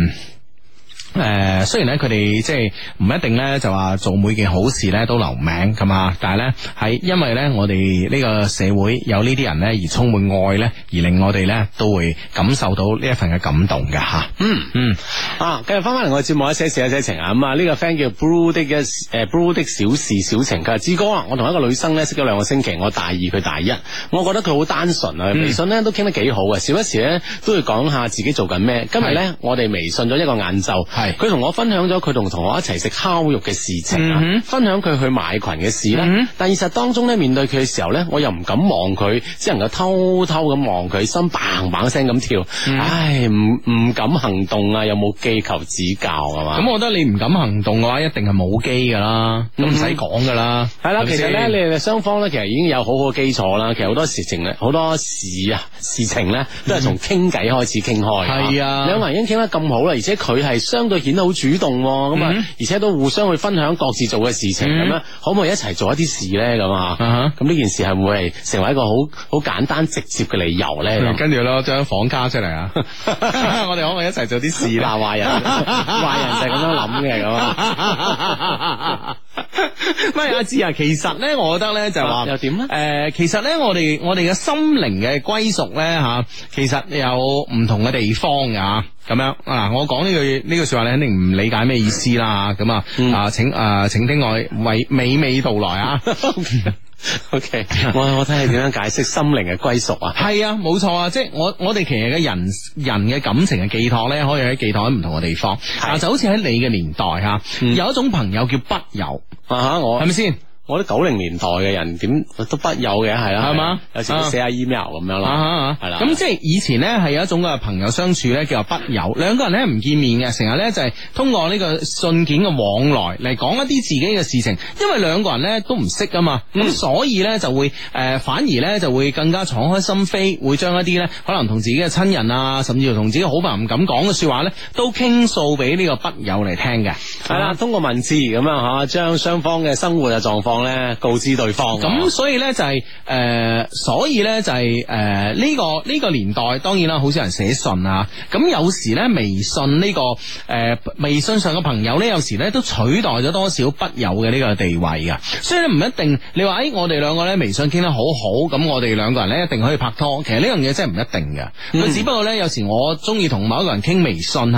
誒，雖然咧佢哋即係唔一定咧就話做每件好事咧都留名咁啊，但係咧係因為咧我哋呢個社會有呢啲人咧而充滿愛咧，而令我哋咧都會感受到呢一份嘅感動嘅吓、嗯。嗯嗯、這個，啊，繼續翻返嚟我嘅節目一些事一些情啊，咁啊呢個 friend 叫 blue 的小誒 blue 的小事小情，佢話志哥，啊，我同一個女生咧識咗兩個星期，我大二佢大一，我覺得佢好單純啊，佢微信咧都傾得幾好啊。時不時咧都會講下自己做緊咩。今日咧是我哋微信咗一個晏晝。佢同我分享咗佢同同學一齊食烤肉嘅事情，分享佢去買裙嘅事啦。但現實當中咧，面對佢嘅時候咧，我又唔敢望佢，只能夠偷偷咁望佢，心嘭嘭聲咁跳。唉，唔唔敢行動啊，又冇機構指教啊嘛。咁我覺得你唔敢行動嘅話，一定係冇機噶啦，都唔使講噶啦。係啦，其實咧，你哋雙方咧，其實已經有好好嘅基礎啦。其實好多事情咧好多事啊，事情咧，都係從傾偈開始傾開。係啊，兩個人已經傾得咁好啦，而且佢係相對。都顯得好主動咁啊，mm hmm. 而且都互相去分享各自做嘅事情咁樣，mm hmm. 可唔可以一齊做一啲事咧咁啊？咁呢、uh huh. 件事係會成為一個好好簡單直接嘅理由咧？跟住攞張房卡出嚟啊！ 我哋可唔可以一齊做啲事啦？壞 人，壞人就係咁樣諗嘅咁啊！ 唔阿志啊， 其實咧，我覺得咧就係話，又點咧？誒，其實咧，我哋我哋嘅心靈嘅歸屬咧吓，其實有唔同嘅地方嘅咁樣啊，我講呢句呢句說話，你肯定唔理解咩意思啦，咁啊啊，請啊、呃，請聽我為娓娓道來啊。 O、okay. K，我我睇下點樣解釋心靈嘅歸屬啊？係啊，冇錯啊，即係我我哋其實嘅人人嘅感情嘅寄託咧，可以喺寄託喺唔同嘅地方。嗱、啊，就好似喺你嘅年代吓，嗯、有一種朋友叫筆友啊吓，我係咪先？我啲九零年代嘅人點都筆友嘅係啦，係嘛，嗎有時都寫下 email 咁、啊、樣啦，係啦、啊。咁、啊、的即係以前呢，係有一種嘅朋友相處呢，叫做筆友，兩個人呢，唔見面嘅，成日呢，就係通過呢個信件嘅往來嚟講一啲自己嘅事情，因為兩個人呢，都唔識啊嘛，咁所以呢，就會誒反而呢，就會更加敞開心扉，會將一啲呢，可能同自己嘅親人啊，甚至乎同自己好朋友唔敢講嘅說話呢，都傾訴俾呢個筆友嚟聽嘅，係啦的，啊、通過文字咁樣吓，將雙方嘅生活嘅狀況。咧告知對方咁，所以咧就係、是、誒、呃，所以咧就係誒呢個呢、這個年代，當然啦，好少人寫信啊。咁有時咧，微信呢、這個誒、呃，微信上嘅朋友咧，有時咧都取代咗多少筆友嘅呢個地位噶。所以咧，唔一定。你話誒、哎，我哋兩個咧微信傾得好好，咁我哋兩個人咧一定可以拍拖。其實呢樣嘢真係唔一定嘅。佢、嗯、只不過咧，有時我中意同某一個人傾微信吓，咁、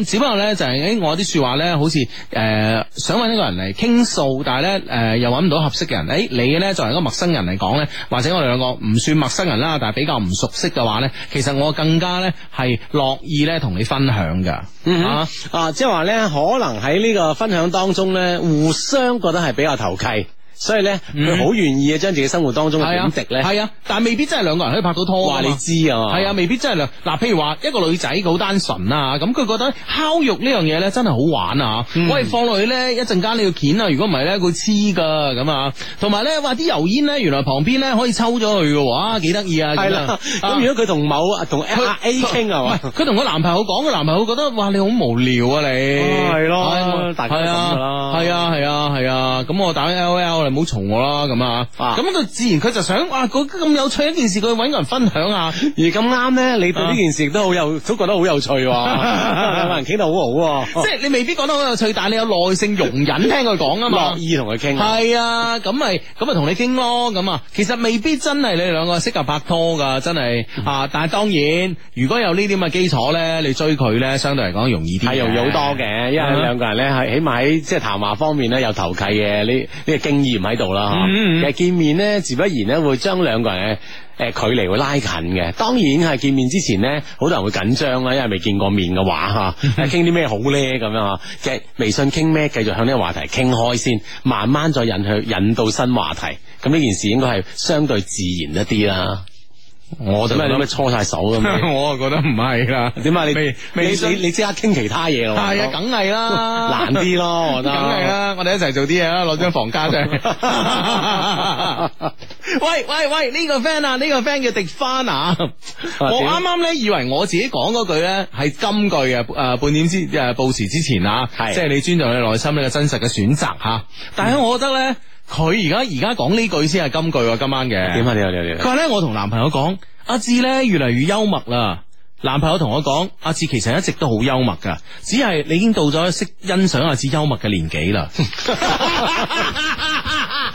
啊、只不過咧就係、是、誒、哎，我啲說話咧好似誒、呃，想搵一個人嚟傾訴，但係咧誒。呃呃呃呃又揾唔到合適嘅人，誒、哎，你咧作為一個陌生人嚟講咧，或者我哋兩個唔算陌生人啦，但係比較唔熟悉嘅話咧，其實我更加咧係樂意咧同你分享噶，啊、嗯、哼啊，即係話咧可能喺呢個分享當中咧，互相覺得係比較投契。所以咧，佢好願意啊，將自己生活當中嘅點滴咧，係啊，但係未必真係兩個人可以拍到拖。話你知啊，係啊，未必真係嗱。譬如話一個女仔好單純啊，咁佢覺得烤肉呢樣嘢咧真係好玩啊。喂，放落去咧一陣間你要鉗啊，如果唔係咧佢黐噶咁啊。同埋咧話啲油煙咧，原來旁邊咧可以抽咗佢嘅話，幾得意啊。係啦，咁如果佢同某啊同 A A 傾啊，喂，佢同個男朋友講，個男朋友覺得哇，你好無聊啊你。係咯，啊，大家啦。係啊係啊係啊，咁我打 L L。唔好嘈我啦，咁啊，咁佢自然佢就想啊，咁有趣一件事，佢搵個人分享啊，而咁啱咧，你對呢件事都好有，啊、都覺得好有趣，兩個人傾得好好，啊，即係你未必講得好有趣，但係你有耐性容忍聽佢講啊嘛，樂意同佢傾，係啊，咁咪咁咪同你傾咯，咁啊，其實未必真係你哋兩個適合拍拖㗎，真係啊，嗯、但係當然如果有呢啲咁嘅基礎咧，你追佢咧相對嚟講容易啲，係容易好多嘅，因為兩個人咧係起碼喺即係談話方面咧有投契嘅呢呢經驗。喺度啦，吓、嗯嗯，其實見面咧，自不然咧會將兩個人嘅誒距離會拉近嘅。當然係見面之前咧，好多人會緊張啦，因為未見過面嘅話吓，傾啲咩好咧咁樣啊。即係微信傾咩？繼續向呢個話題傾開先，慢慢再引去引到新話題。咁呢件事應該係相對自然一啲啦。我點解你咁樣搓晒手嘅？我啊覺得唔係啦，點解你你你你即刻傾其他嘢？係啊，梗係啦，難啲咯，梗係啦，我哋一齊做啲嘢啦，攞張房卡出嚟。喂喂喂，呢個 friend 啊，呢個 friend 叫迪花啊。我啱啱咧以為我自己講嗰句咧係金句嘅，誒，半點之誒，報時之前啊，係，即係你尊重你內心一個真實嘅選擇吓。但係我覺得咧。佢而家而家講呢句先係金句今晚嘅。點啊點你點。佢話咧，我同男朋友講，阿志咧越嚟越幽默啦。男朋友同我講，阿志其實一直都好幽默噶，只係你已經到咗識欣賞阿志幽默嘅年紀啦。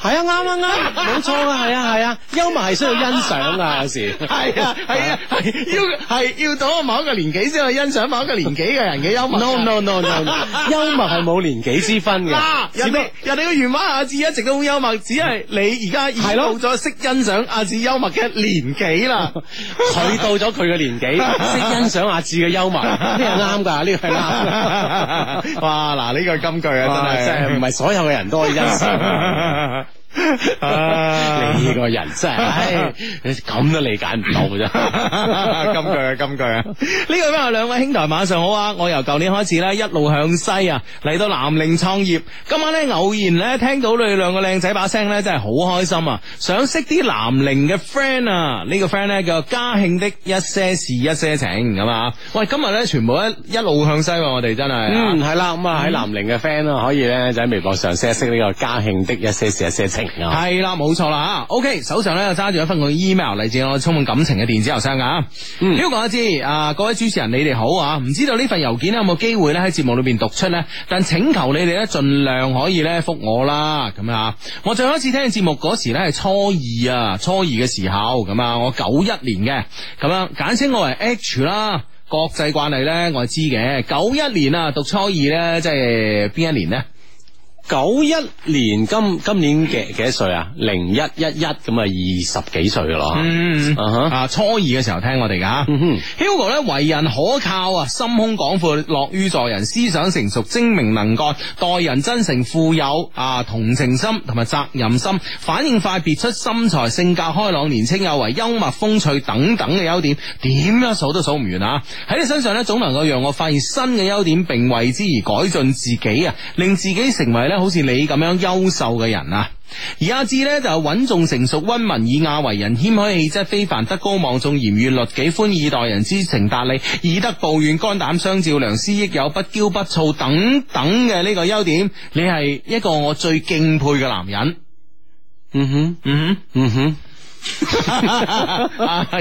係啊，啱啱啱，冇錯啊，係啊，係啊，啊幽默係需要欣賞啊。有時係啊，係啊，係要係要到某一個年紀先去欣賞某一個年紀嘅人嘅幽默。 no no no no，, no, no 幽默係冇年紀之分嘅。人哋人哋嘅原話，阿志一直都好幽默，只係你而家而到咗識欣賞阿志幽默嘅年紀啦。佢 到咗佢嘅年紀，識欣賞阿志嘅幽默，呢、 呢個啱噶，呢個係啦。啊、 哇，嗱，呢個係金句啊，真係真係，唔係所有嘅人都可以欣賞。你個人真係，你咁都理解唔到啫。金句啊，金句啊！呢個咧，兩位兄台晚上好啊！我由舊年開始咧，一路向西啊，嚟到南寧創業。今晚咧，偶然咧聽到你兩個靚仔把聲咧，真係好開心啊！想識啲南寧嘅 friend 啊，呢個 friend 咧叫嘉慶的一些事一些情咁啊！喂，今日咧全部一一路向西，我哋真係嗯係啦，咁啊喺南寧嘅 friend 啊，可以咧就喺微博上 search 呢個嘉慶的一些事一些情。係啦，冇錯啦，吓，OK，手上咧就揸住一份我 email 嚟自我充滿感情嘅電子郵箱噶，嗯，呢個我知，啊，各位主持人你哋好啊，唔知道呢份郵件咧有冇機會咧喺節目裏邊讀出咧，但請求你哋咧盡量可以咧復我啦，咁啊，我最開始聽節目嗰時咧係初二啊，初二嘅時候，咁啊，我九一年嘅，咁啊，簡稱我為 H 啦，國際慣例咧我係知嘅，九一年啊讀初二咧即係邊一年呢？九一年今今年幾幾多歲啊？零一一一咁啊二十幾歲噶咯，嗯啊啊、uh huh. 初二嘅時候聽我哋噶，Hugo 咧為人可靠啊，心胸廣闊，樂於助人，思想成熟，精明能幹，待人真誠，富有啊同情心同埋責任心，反應快，別出心裁，性格開朗，年青有為，幽默風趣等等嘅優點，點樣數都數唔完啊！喺你身上咧，總能夠讓我發現新嘅優點，並為之而改進自己啊，令自己成為。好似你咁樣優秀嘅人啊，而阿志呢，就係、是、穩重成熟、温文爾雅為人，謙虛氣質非凡，德高望重，嚴於律己，寬以待人，知情達理，以德報怨，肝膽相照良，良師益友，不驕不躁等等嘅呢個優點，你係一個我最敬佩嘅男人。嗯哼，嗯哼，嗯哼。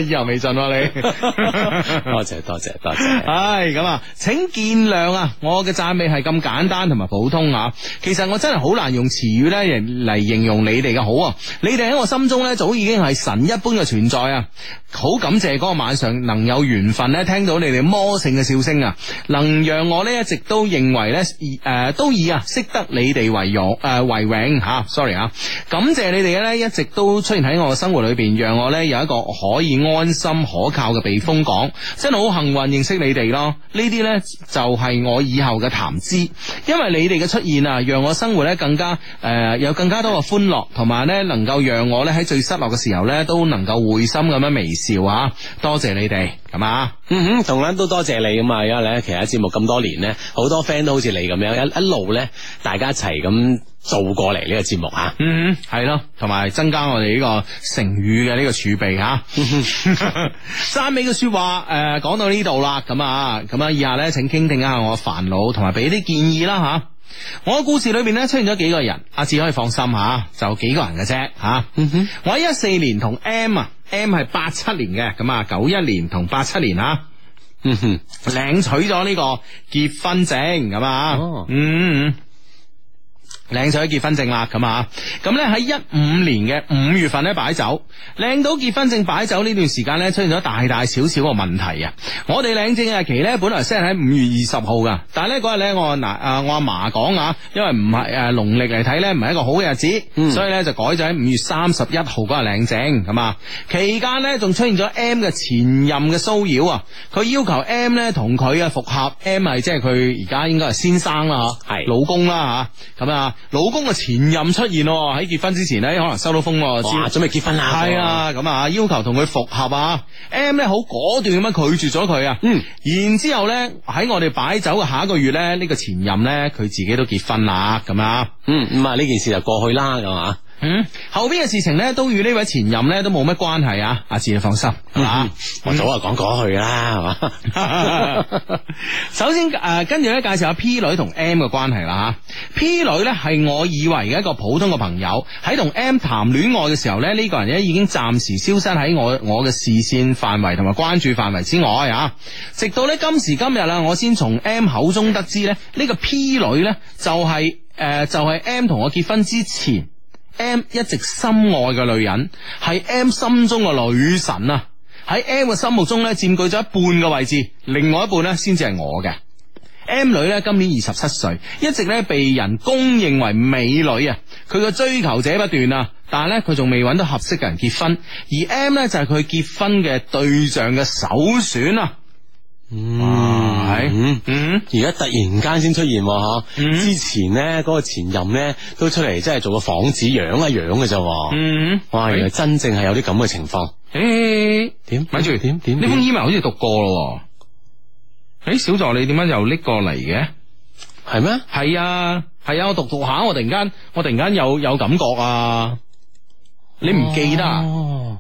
以後未信啊你，多謝多謝多謝。唉，咁啊，請見諒啊！我嘅讚美係咁簡單同埋普通啊。其實我真係好難用詞語咧嚟形容你哋嘅好啊。你哋喺我心中咧，早已經係神一般嘅存在啊！好感謝嗰個晚上能有緣分咧，聽到你哋魔性嘅笑聲啊，能讓我咧一直都認為咧，誒，都以啊，識得你哋為榮，誒，為榮吓。Sorry 啊，感謝你哋咧，一直都出現喺我嘅生活裏。裏邊讓我咧有一個可以安心可靠嘅避風港，真係好幸運認識你哋咯！呢啲呢就係我以後嘅談資，因為你哋嘅出現啊，讓我生活呢更加誒、呃、有更加多嘅歡樂，同埋呢能夠讓我呢喺最失落嘅時候呢都能夠會心咁樣微笑啊！多謝你哋。咁啊，嗯哼，同樣都多謝你咁啊，因為咧，其他節目咁多年咧，好多 friend 都好似你咁樣一一路咧，大家一齊咁做過嚟呢個節目啊，嗯哼，係咯，同埋增加我哋呢個成語嘅呢個儲備吓，呵呵 三尾嘅說話，誒、呃，講到呢度啦，咁啊，咁啊，以下咧，請傾聽一下我嘅煩惱，同埋俾啲建議啦吓、啊，我嘅故事裏邊咧出現咗幾個人，阿、啊、志可以放心吓、啊，就幾個人嘅啫吓，啊嗯、哼，我喺一四年同 M 啊。M 係八七年嘅，咁啊九一年同八七年啊，嗯哼，領取咗呢個結婚證，咁啊，哦、嗯。領咗結婚證啦，咁啊，咁呢，喺一五年嘅五月份呢擺酒，領到結婚證擺酒呢段時間呢，出現咗大大小小個問題啊！我哋領證日期呢，本來先 e 喺五月二十號噶，但係呢嗰日呢，我阿嗱阿我阿嫲講啊，因為唔係誒農曆嚟睇呢，唔係一個好嘅日子，嗯、所以呢就改咗喺五月三十一號嗰日領證，咁啊期間呢仲出現咗 M 嘅前任嘅騷擾啊！佢要求 M 呢同佢啊復合，M 係即係佢而家應該係先生啦係是老公啦吓，咁啊。老公嘅前任出現喺結婚之前呢，可能收到風，哇才準備結婚啦。係啊了，咁啊、那個、要求同佢復合啊，M、嗯、呢，好果斷咁樣拒絕咗佢啊。嗯，然之後咧喺我哋擺酒嘅下一個月呢，呢、呢個前任呢，佢自己都結婚啦。咁啊、嗯，嗯，咁啊呢件事就過去啦，咁啊。嗯，後邊嘅事情呢都與呢位前任呢都冇乜關係啊。阿志，你放心，我早話講過去啦，係嘛。 首先誒，跟、呃、住呢，介紹下 P 女同 M 嘅關係啦。吓 P 女呢係我以為嘅一個普通嘅朋友喺同 M 談戀愛嘅時候呢，呢、這個人呢已經暫時消失喺我我嘅視線範圍同埋關注範圍之外啊。直到呢今時今日啦，我先從 M 口中得知呢，呢、這個 P 女呢就係、是、誒、呃、就係、是呃就是、M 同我結婚之前。M 一直深愛嘅女人係 M 心中嘅女神啊，喺 M 嘅心目中咧佔據咗一半嘅位置，另外一半咧先至係我嘅。M 女咧今年二十七歲，一直咧被人公認為美女啊，佢嘅追求者不斷啊，但係咧佢仲未揾到合適嘅人結婚，而 M 咧就係佢結婚嘅對象嘅首選啊。嗯，係，嗯嗯，而家突然間先出現，嗬，之前咧嗰個前任咧都出嚟，即係做個幌子，樣一樣嘅啫。嗯，哇，原來真正係有啲咁嘅情況，誒，點，咪住，點點，呢封 email 好似讀過咯，誒，小助理點解又拎過嚟嘅？係咩？係啊，係啊，我讀讀下，我突然間，我突然間有有感覺啊，你唔記得啊？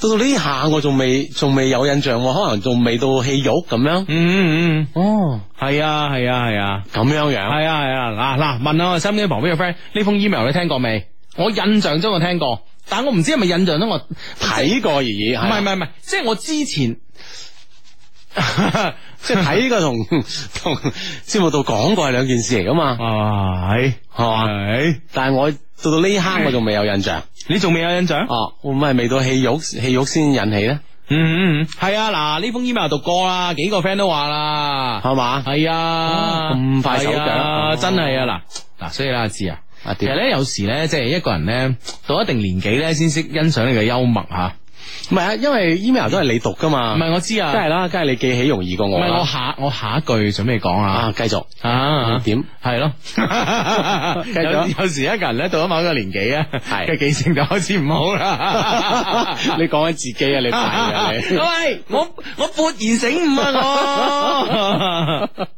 到到呢下我仲未仲未有印象，可能仲未到戲肉咁樣。嗯嗯，哦，係啊係啊係啊，咁樣樣。係啊係啊，嗱嗱，問下我身邊旁邊嘅 friend，呢封 email 你聽過未？我印象中我聽過，但我唔知係咪印象中我睇過而已。唔係唔係唔係，即係我之前，即係睇過同同節目度講過係兩件事嚟噶嘛。係係嘛，但係我。到到呢刻我仲未有印象，你仲未有印象？哦，會唔會係未到戲肉，戲肉先引起咧。嗯嗯係啊，嗱，呢封 email 讀過啦，幾個 friend 都話啦，係嘛，係啊，咁快手腳，真係啊，嗱嗱，所以啦，阿志啊，其實咧有時咧，即係一個人咧，到一定年紀咧，先識欣賞你嘅幽默吓。唔係啊，因為 email 都係你讀噶嘛，唔係我知啊，梗係啦，梗係你記起容易過我。唔係、啊、我下我下一句準備講啊，繼續啊點係咯。有有時一個人咧到咗某個年紀咧，嘅記是性就開始唔好啦。 你講緊自己啊，你各位我我豁然醒悟啊我。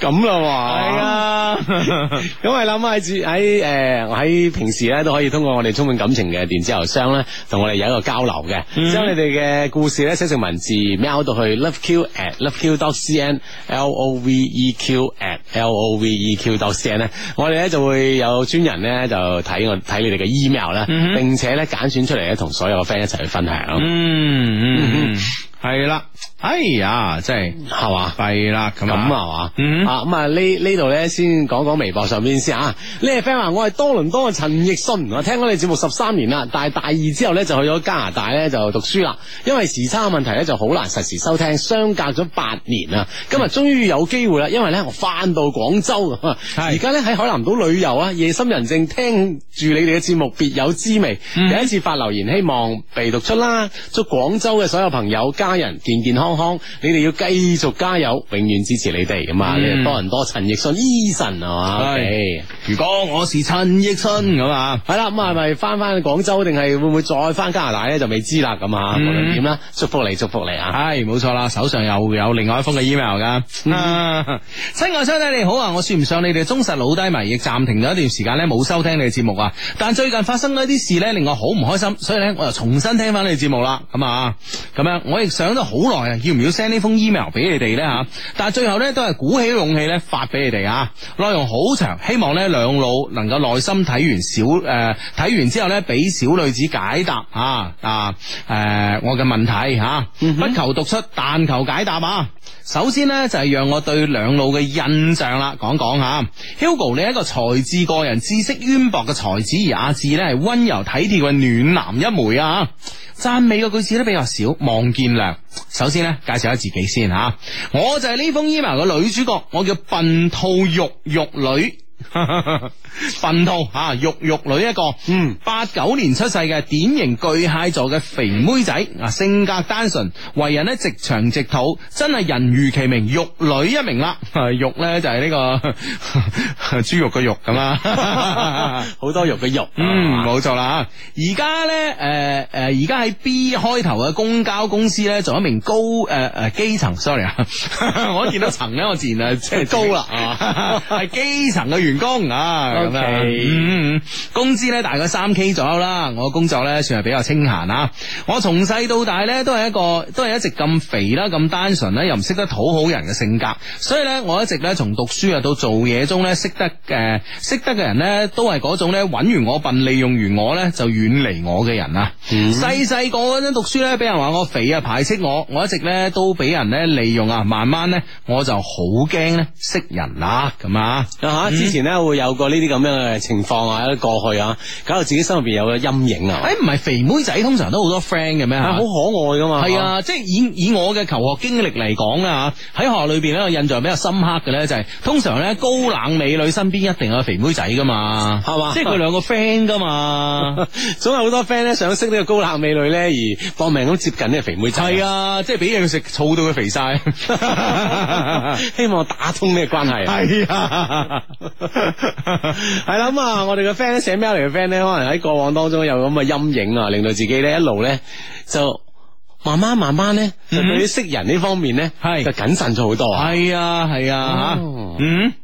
咁啦，係 啊，咁我諗下住喺誒，喺、呃、平時咧都可以通過我哋充滿感情嘅電子郵箱咧，同我哋有一個交流嘅，將、mm hmm。你哋嘅故事咧寫成文字，mail 到去 loveq at loveq dot cn l o v e q at l o v e q dot cn 咧，我哋咧就會有專人咧就睇我睇你哋嘅 email 啦、mm，hmm。並且咧揀選出嚟咧同所有嘅 friend 一齊去分享。嗯嗯嗯。Hmm. 係啦，哎呀，真係係嘛，弊啦咁啊，嘛、嗯哼，啊咁啊呢呢度呢，先講講微博上邊先啊。呢位 friend 話我係多倫多嘅陳奕迅，我聽咗你節目十三年啦，但係大二之後呢，就去咗加拿大呢，就讀書啦，因為時差嘅問題呢就好難實時收聽，相隔咗八年啊，今日終於有機會啦，因為呢，我翻到廣州，而家是呢，喺海南島旅遊啊，夜深人靜聽住你哋嘅節目，別有滋味。嗯、第一次發留言，希望被讀出啦，祝廣州嘅所有朋友加。家人健健康康，你哋要繼續加油，永遠支持你哋咁啊！你、嗯、多人多陳奕迅 Eason 係嘛？如果我是陳奕迅咁啊，係啦、嗯，咁係咪翻翻去廣州定係會唔會再翻加拿大咧？就未知啦，咁啊、嗯，無論點啦，祝福你，祝福你啊！係，冇錯啦，手上又有，有另外一封嘅 email 噶。親、嗯啊、愛兄弟你好啊，我算唔上你哋忠實老低迷，亦暫停咗一段時間咧，冇收聽你哋節目啊。但最近發生咗一啲事咧，令我好唔開心，所以咧我又重新聽翻你哋節目啦。咁啊，咁樣我亦想。想咗好耐啊，要唔要 send 呢封 email 俾你哋咧吓？但係最後咧都係鼓起勇氣咧發俾你哋啊！內容好長，希望咧兩老能夠耐心睇完小誒睇、呃、完之後咧俾小女子解答啊啊誒、呃、我嘅問題吓、啊，不求讀出，但求解答啊！首先咧就係、是、讓我對兩老嘅印象啦，講講吓。Hugo 呢一個才智過人、知識淵博嘅才子，而阿志咧係溫柔體貼嘅暖男一枚啊！讚美嘅句子都比較少，望見諒。首先咧，介紹下自己先吓，我就係呢封 email 嘅女主角，我叫笨兔肉肉女。糞兔吓，肉肉女一個，嗯，八九年出世嘅典型巨蟹座嘅肥妹仔啊，性格單純，為人咧直腸直肚，真係人如其名，肉女一名啦。肉咧就係、是、呢、這個呵呵豬肉嘅肉咁啦，好 多肉嘅肉。嗯，冇錯啦。而家咧，誒誒，而家喺 B 開頭嘅公交公司咧，做一名高誒誒、呃、基層。sorry，啊，我見到層咧，我自然啊即係高啦，係 基層嘅員工啊咁啊，Okay. 嗯，工資咧大概三 K 左右啦。我工作咧算係比較清閒啊。我從細到大咧都係一個都係一直咁肥啦，咁單純咧又唔識得討好人嘅性格，所以咧我一直咧從讀書啊到做嘢中咧識得誒、呃、識得嘅人咧都係種咧搵完我笨，利用完我咧就遠離我嘅人啊。細細個陣讀書咧，俾人話我肥啊，排斥我。我一直咧都俾人咧利用啊，慢慢咧我就好驚咧識人啦咁啊。吓、嗯、之前。而家會有個呢啲咁樣嘅情況啊，過去啊，搞到自己心入邊有個陰影啊。誒、哎，唔係肥妹仔通常都好多 friend 嘅咩？好可愛噶嘛、啊。係啊，即係以以我嘅求學經歷嚟講啊，喺學校裏邊咧，我印象比較深刻嘅咧就係、是、通常咧高冷美女身邊一定有一肥妹仔噶嘛，係吧嘛？即係佢兩個 friend 噶嘛，總有好多 friend 咧想識呢個高冷美女咧，而搏命咁接近呢個肥妹仔。係啊，即係俾佢食，醋到佢肥晒， 希望打通咩關係？係啊。係 啦， 咁啊，我哋嘅 friend 寫 mail 嚟嘅 friend 咧，可能喺過往當中有咁嘅陰影啊，令到自己咧一路咧就慢慢慢慢咧，就對於識人呢方面咧係就謹慎咗好多、mm hmm. 啊！係啊，係啊、oh. mm，吓嗯。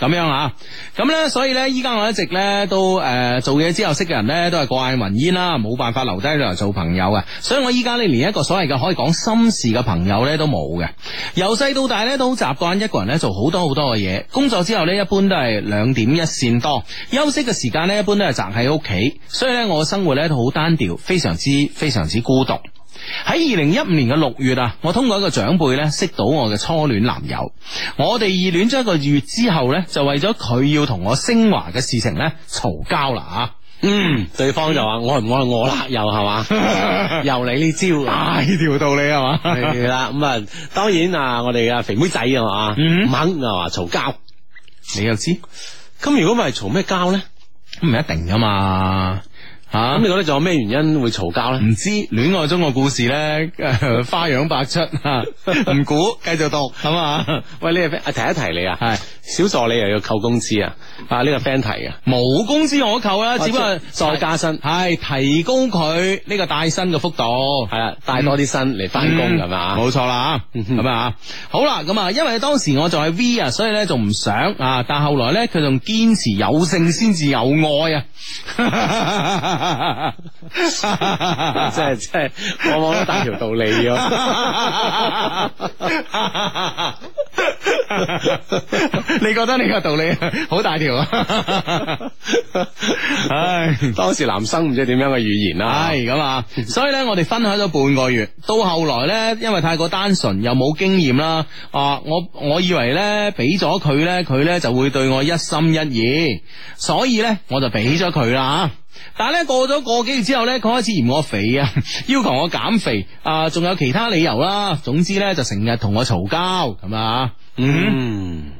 咁樣啊，咁呢，所以呢，依家我一直呢，都、呃、誒做嘢之後識嘅人呢，都係過眼雲煙啦，冇辦法留低嚟做朋友㗎，所以我依家呢，連一個所謂嘅可以講心事嘅朋友呢，都冇嘅。由細到大呢，都好習慣一個人呢做好多好多嘅嘢，工作之後呢，一般都係兩點一線多，休息嘅時間呢，一般都係宅喺屋企，所以呢，我嘅生活呢，都好單調，非常之非常之孤獨。喺二零一五年嘅六月啊，我通過一個長輩咧識到我嘅初戀男友，我哋熱戀咗一個月之後咧，就為咗佢要同我升華嘅事情咧嘈交啦啊！嗯，對方就話愛唔愛我啦， 又係嘛？ 又嚟呢招呢條、 啊、道理係嘛？係啦，咁啊， 當然啊，我哋啊肥妹仔啊嘛，猛啊嘛，嘈交你又知？咁如果唔係嘈咩交咧？咁唔一定噶嘛。吓，咁你覺得仲有咩原因會嘈交咧？唔知戀愛中嘅故事咧花樣百出，唔估繼續讀係嘛？喂，呢個提一提你啊，係小助理又要扣工資啊？啊呢個 friend 提嘅冇工資我扣啦，只不過再加薪係提高佢呢個帶薪嘅幅度，係啊，帶多啲薪嚟翻工咁啊？冇錯啦，咁啊，好啦，咁啊，因為當時我仲係 V 啊，所以咧仲唔想啊，但後來咧佢仲堅持有性先至有愛啊。即係即係，我往往都大條道理啊。 你覺得呢個道理好大條啊？唉， 當時男生唔知點樣嘅語言啦、啊。 唉，咁啊，所以咧，我哋分享咗半個月，到後來咧，因為太過單純又冇經驗啦啊，我我以為咧，俾咗佢咧，佢咧就會對我一心一意，所以咧，我就俾咗佢啦。但係咧過咗個幾月之後咧，佢開始嫌我肥啊，要求我減肥啊，仲、呃、有其他理由啦。總之咧就成日同我嘈交咁啊。嗯。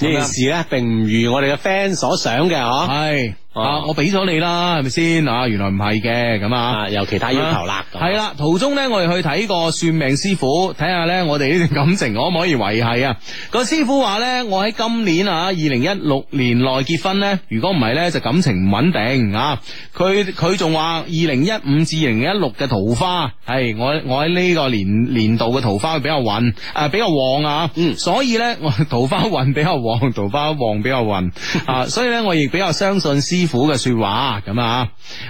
呢件事咧，並唔如我哋嘅 friend 所想嘅，吓，係啊，我俾咗你啦，係咪先？啊，原來唔係嘅，咁啊，有其他要求啦。係啦，途中咧，我哋去睇個算命師傅，睇下咧，我哋呢段感情可唔可以維繫啊？個師傅話咧，我喺今年啊，二零一六年內結婚咧，如果唔係咧，就感情唔穩定啊。佢佢仲話二零一五至二零一六嘅桃花，係我我喺呢個年年度嘅桃花會比較穩啊，比較旺啊。嗯，所以咧，我桃花運比較旺。黃道包黃比較暈 啊，所以咧，我亦比較相信師傅嘅說話咁啊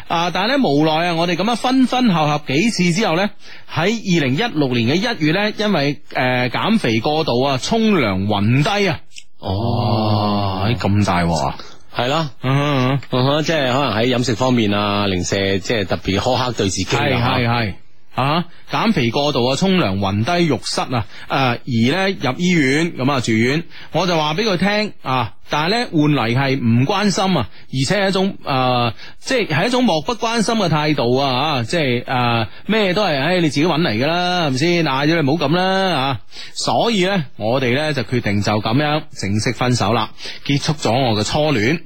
啊！但係咧無奈啊，我哋咁樣分分合合幾次之後咧，喺二零一六年嘅一月咧，因為誒減、呃、肥過度啊，沖涼暈低啊！哦，咁、哦、大鑊，係咯，嗯，即係可能喺飲食方面啊，零舍即係特別苛刻對自己，係係是。是啊！減肥過度暈啊，沖涼暈低浴室啊！誒，而咧入醫院咁啊住院，我就話俾佢聽啊，但係咧換嚟係唔關心啊，而且係一種誒、啊，即係係一種漠不關心嘅態度啊！即係誒，咩、啊、都係唉、哎，你自己搵嚟噶啦，係咪先？嗌咗你唔好咁啦啊！所以咧，我哋咧就決定就咁樣正式分手啦，結束咗我嘅初戀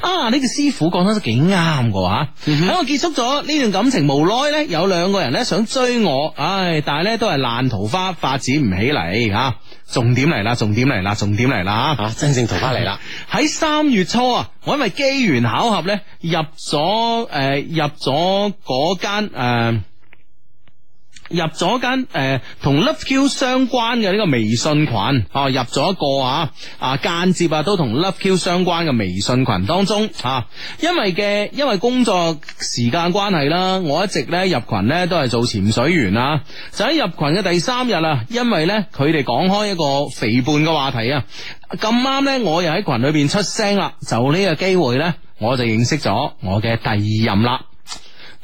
啊！呢個師傅講得幾啱㗎喎，喺、啊嗯、哼我結束咗呢段感情，無奈咧有兩個人咧想。追我，唉、哎！但係咧都係爛桃花，發展唔起嚟，吓、啊。重點嚟啦，重點嚟啦，重點嚟啦吓！真正桃花嚟啦！喺三 月初啊，我因為機緣巧合咧入咗誒，入咗嗰間誒。呃入咗間誒同 Love Q 相關嘅呢個微信群哦、啊，入咗一個啊啊間接啊都同 Love Q 相關嘅微信群當中吓、啊，因為嘅因為工作時間關係啦，我一直咧入群咧都係做潛水員啊，就喺入群嘅第三日啊，因為咧佢哋講開一個肥胖嘅話題啊，咁啱咧我又喺群裏邊出聲啦，就呢個機會咧我就認識咗我嘅第二任啦。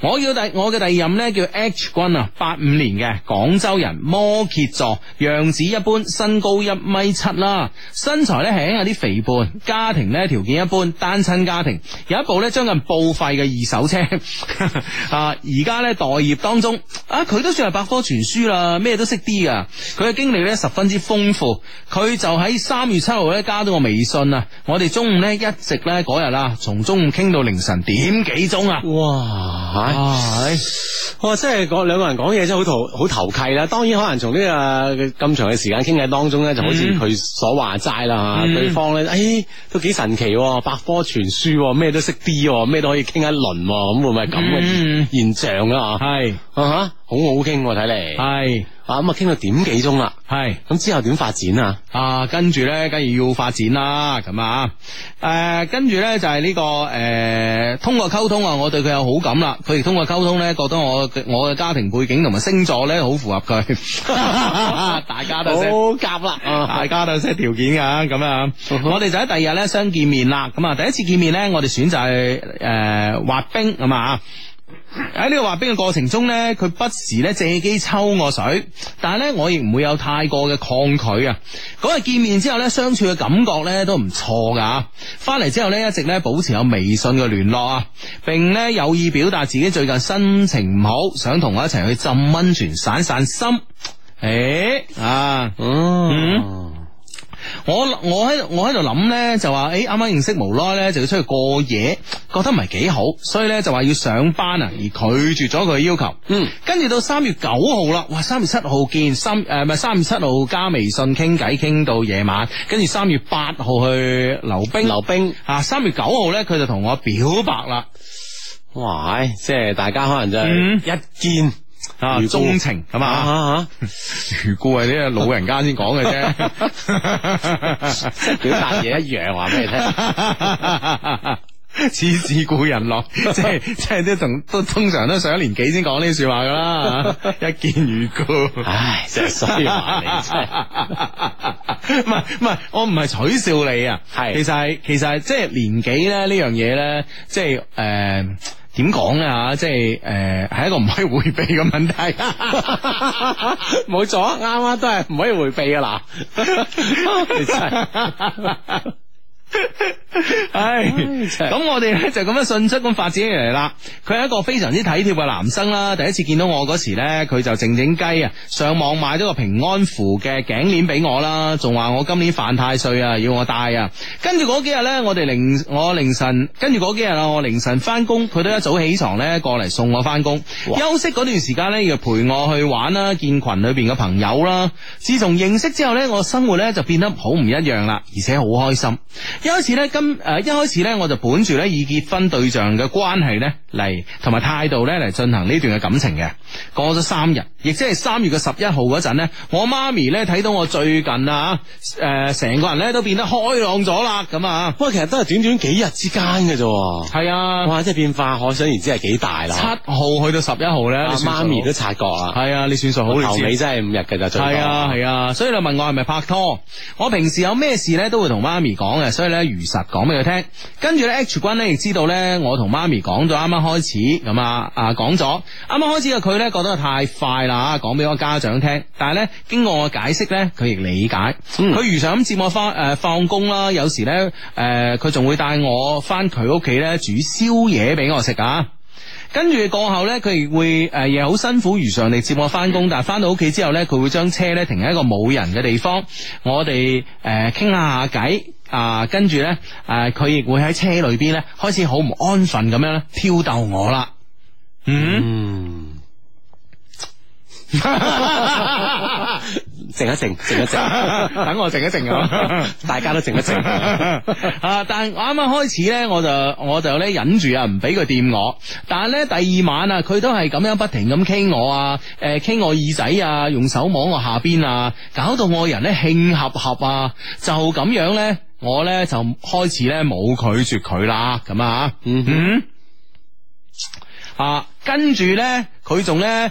我要第我嘅第二任呢，叫 H 君啊，八五年嘅廣州人，摩羯座，樣子一般，身高一米七啦，身材呢，係有啲肥胖，家庭呢，條件一般，單親家庭，有一部呢，將近報廢嘅二手車啊，而家呢，待業當中啊，佢都算係百科全書啦，咩都識啲㗎，佢嘅經歷呢，十分之豐富，佢就喺三月七號呢，加到我微信啊，我哋中午呢，一直呢，嗰日啊，從中午傾到凌晨點幾鐘啊，哇啊，哇、哎！即係講兩個人講嘢，真係好投好投契啦、啊。當然，可能從呢、這個咁長嘅時間傾偈當中咧，嗯、就好似佢所話齋啦吓。嗯、對方咧，誒、哎，都幾神奇、啊，百科全書、啊，咩都識啲，咩都可以傾一輪、啊，咁會唔會咁嘅現象啊？係、嗯、啊，吓、啊，好好傾，睇嚟係。咁是啊，傾到點幾鐘啦？係咁之後點發展啊？啊，跟住咧，梗係要發展啦。咁啊，誒，跟住咧就係呢個誒，通過溝通啊，我對佢有好感啦。佢哋通過溝通咧，覺得我我嘅家庭背景同埋星座咧，好符合佢。 大家都好夾啦， 大家都有啲條件啊。咁啊，我哋就喺第二日咧相見面啦。咁啊，第一次見面咧，我哋選擇係誒滑冰咁啊。喺呢個滑冰嘅過程中呢，佢不時呢借機抽我水，但係呢我亦唔會有太過嘅抗拒啊！嗰日見面之後呢，相處嘅感覺呢都唔錯噶，翻嚟之後呢，一直呢保持有微信嘅聯絡啊，並呢有意表達自己最近心情唔好，想同我一齊去浸溫泉散散心。誒、欸、啊，嗯。嗯我我喺我喺度諗呢，就話誒，啱啱認識無耐呢，就要出去過夜，覺得唔係幾好，所以呢，就話要上班啊，而拒絕咗佢要求。嗯，跟住到三月九號啦，哇，三月七號見三誒，唔係三月七號加微信傾偈，傾到夜晚，跟住三月八號去溜冰，溜冰啊，三月九號呢，佢就同我表白啦。哇冰，即係大家可能真係、嗯、一見。啊，鍾情咁啊，如故係啲、啊啊啊、老人家先講嘅啫，表達嘢一樣，話俾你聽。似是故人樂，即係即係都同都通常都上一年紀先講呢啲說話噶啦， 一見如故。唉，真係衰話嚟啫！唔係唔係，我唔係取笑你啊，係是其實係其實係即係年紀咧呢樣嘢咧，即係誒。點講啊？即係誒，係、呃、一個唔可以回避嘅問題。冇錯，啱啱都係唔可以回避噶啦。 唉，咁我哋咧就咁樣迅速咁發展起嚟啦。佢係一個非常之體貼嘅男生啦。第一次見到我嗰時呢，佢就靜靜雞啊，上網買咗個平安符嘅頸鏈俾我啦，仲話我今年犯太歲啊，要我戴啊。跟住嗰幾日呢，我哋凌我凌晨，跟住嗰幾日啊，我凌晨翻工，佢都一早起床呢過嚟送我翻工。哇休息嗰段時間呢，要陪我去玩啦，見群裏邊嘅朋友啦。自從認識之後呢，我生活呢就變得好唔一樣啦，而且好開心。一開始咧，今誒一開始咧，我就本住咧以結婚對象嘅關係咧嚟，同埋態度咧嚟進行呢段嘅感情嘅。過咗三日，亦即係三月嘅十一號嗰陣咧，我媽咪咧睇到我最近啊，誒、呃、成個人咧都變得開朗咗啦，咁啊，不過其實都係短短幾日之間嘅啫。係啊，哇，即係變化可想而知係幾大啦。七號去到十一號咧，媽咪都察覺啦。係啊，你算數好，頭尾真係五日嘅咋。最係啊係啊，啊，所以你問我係咪拍拖，我平時有咩事咧都會同媽咪講嘅，所以，咧如實講俾佢聽，跟住咧 H 君咧亦知道咧，我同媽咪講咗啱啱開始咁啊，啊，講咗啱啱開始嘅，佢咧覺得太快啦，講俾我家長聽，但係咧經過我解釋咧，佢亦理解，佢、嗯、如常咁接我翻誒放工啦，有時咧誒佢仲會帶我返佢屋企咧煮宵夜俾我食啊。跟住過後咧，佢亦會誒，又、呃、好辛苦如常地接我翻工。但係翻到屋企之後咧，佢會將車咧停喺一個冇人嘅地方，我哋誒傾下偈。啊、呃，跟住咧誒，佢、呃、亦、呃、會喺車裏邊咧開始好唔安分咁樣咧挑逗我啦。嗯。 靜一靜，靜一靜， 等我靜一靜，咁 大家都靜一靜啊！ 但係我啱啱開始呢，我就我就咧忍住啊，唔俾佢掂我。但係咧第二晚啊，佢都係咁樣不停咁傾我啊，誒，傾我耳仔啊，用手摸我下邊啊，搞到我人咧慶合合啊，就咁樣呢，我呢，就開始呢，冇拒絕佢啦，咁啊，嗯嗯，啊，跟住呢，佢仲呢。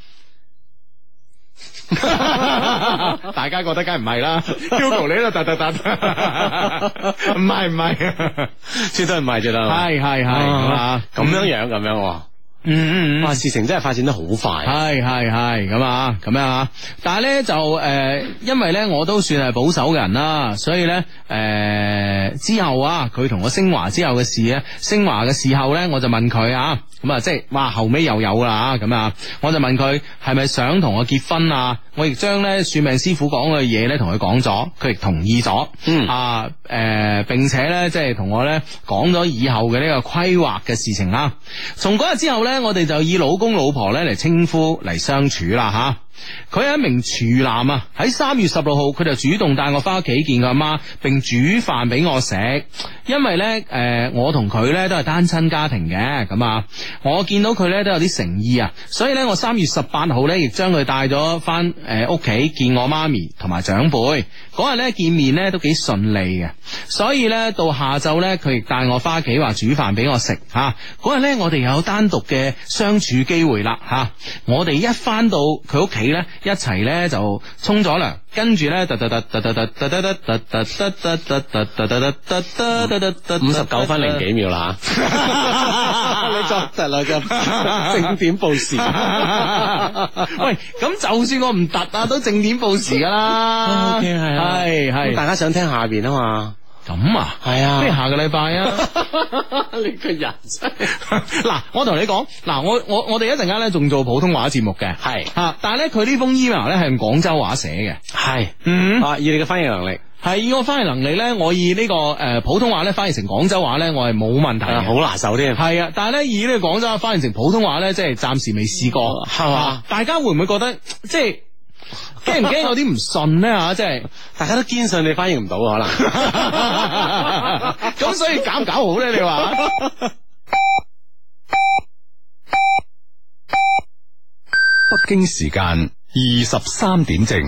大家覺得梗係唔係啦，Jago 你都突突突，唔係，唔係，專登就得啦，係係係咁咁樣樣咁、嗯、樣、啊。嗯嗯嗯，嗯哇！事情真係發展得好快，係係係咁啊，咁樣啊。但係咧就誒、呃，因為咧我都算係保守嘅人啦、啊，所以咧誒、呃、之後啊，佢同我升華之後嘅事咧、啊，升華嘅時候咧，我就問佢啊，咁啊即係哇後尾又有啦、啊，咁啊我就問佢係咪想同我結婚啊？我亦將咧算命師傅講嘅嘢咧同佢講咗，佢亦同意咗，嗯啊誒、呃，並且咧即係同我咧講咗以後嘅呢個規劃嘅事情啊，從嗰日之後咧。我哋就以老公老婆咧嚟稱呼嚟相處啦，吓。佢係一名廚男啊。喺三月十六號，佢就主動帶我翻屋企見佢阿媽，並煮飯俾我食。因為呢，誒、呃，我同佢呢都係單親家庭嘅，咁啊，我見到佢呢都有啲誠意啊，所以呢，我三月十八號呢亦將佢帶咗翻誒屋企見我媽咪同埋長輩。嗰日呢見面呢都幾順利嘅，所以呢，到下晝呢，佢亦帶我翻屋企話煮飯俾我食吓。嗰、啊、日呢，我哋有單獨嘅相處機會啦吓、啊。我哋一翻到佢屋企。一齊咧就沖咗涼，跟住咧噠噠噠噠噠噠噠噠噠噠噠噠噠，五十九分零幾秒啦吓，你作實啦，正點報時。喂，咁就算我唔突啊，都正點報時噶啦。Oh, OK，係係係，大家想聽下邊啊嘛。咁啊，係啊，即係下個禮拜啊？ 你個人真嗱， 我同你講，嗱，我我我哋一陣間咧仲做普通話節目嘅，係吓是、啊，但係咧佢呢封 email 咧係用廣州話寫嘅，係是，嗯、啊，以你嘅翻譯能力，係、啊、以我翻譯能力咧，我以呢、這個誒、呃、普通話咧翻譯成廣州話咧，我係冇問題，好、啊、難受啲，係啊，但係咧以呢個廣州話翻譯成普通話咧，即係暫時未試過，係嘛、啊？吧大家會唔會覺得即係？驚唔驚？我有啲唔信咧吓，即係大家都堅信你翻譯唔到可能，咁所以搞唔搞好咧？你話？北京時間二十三點正。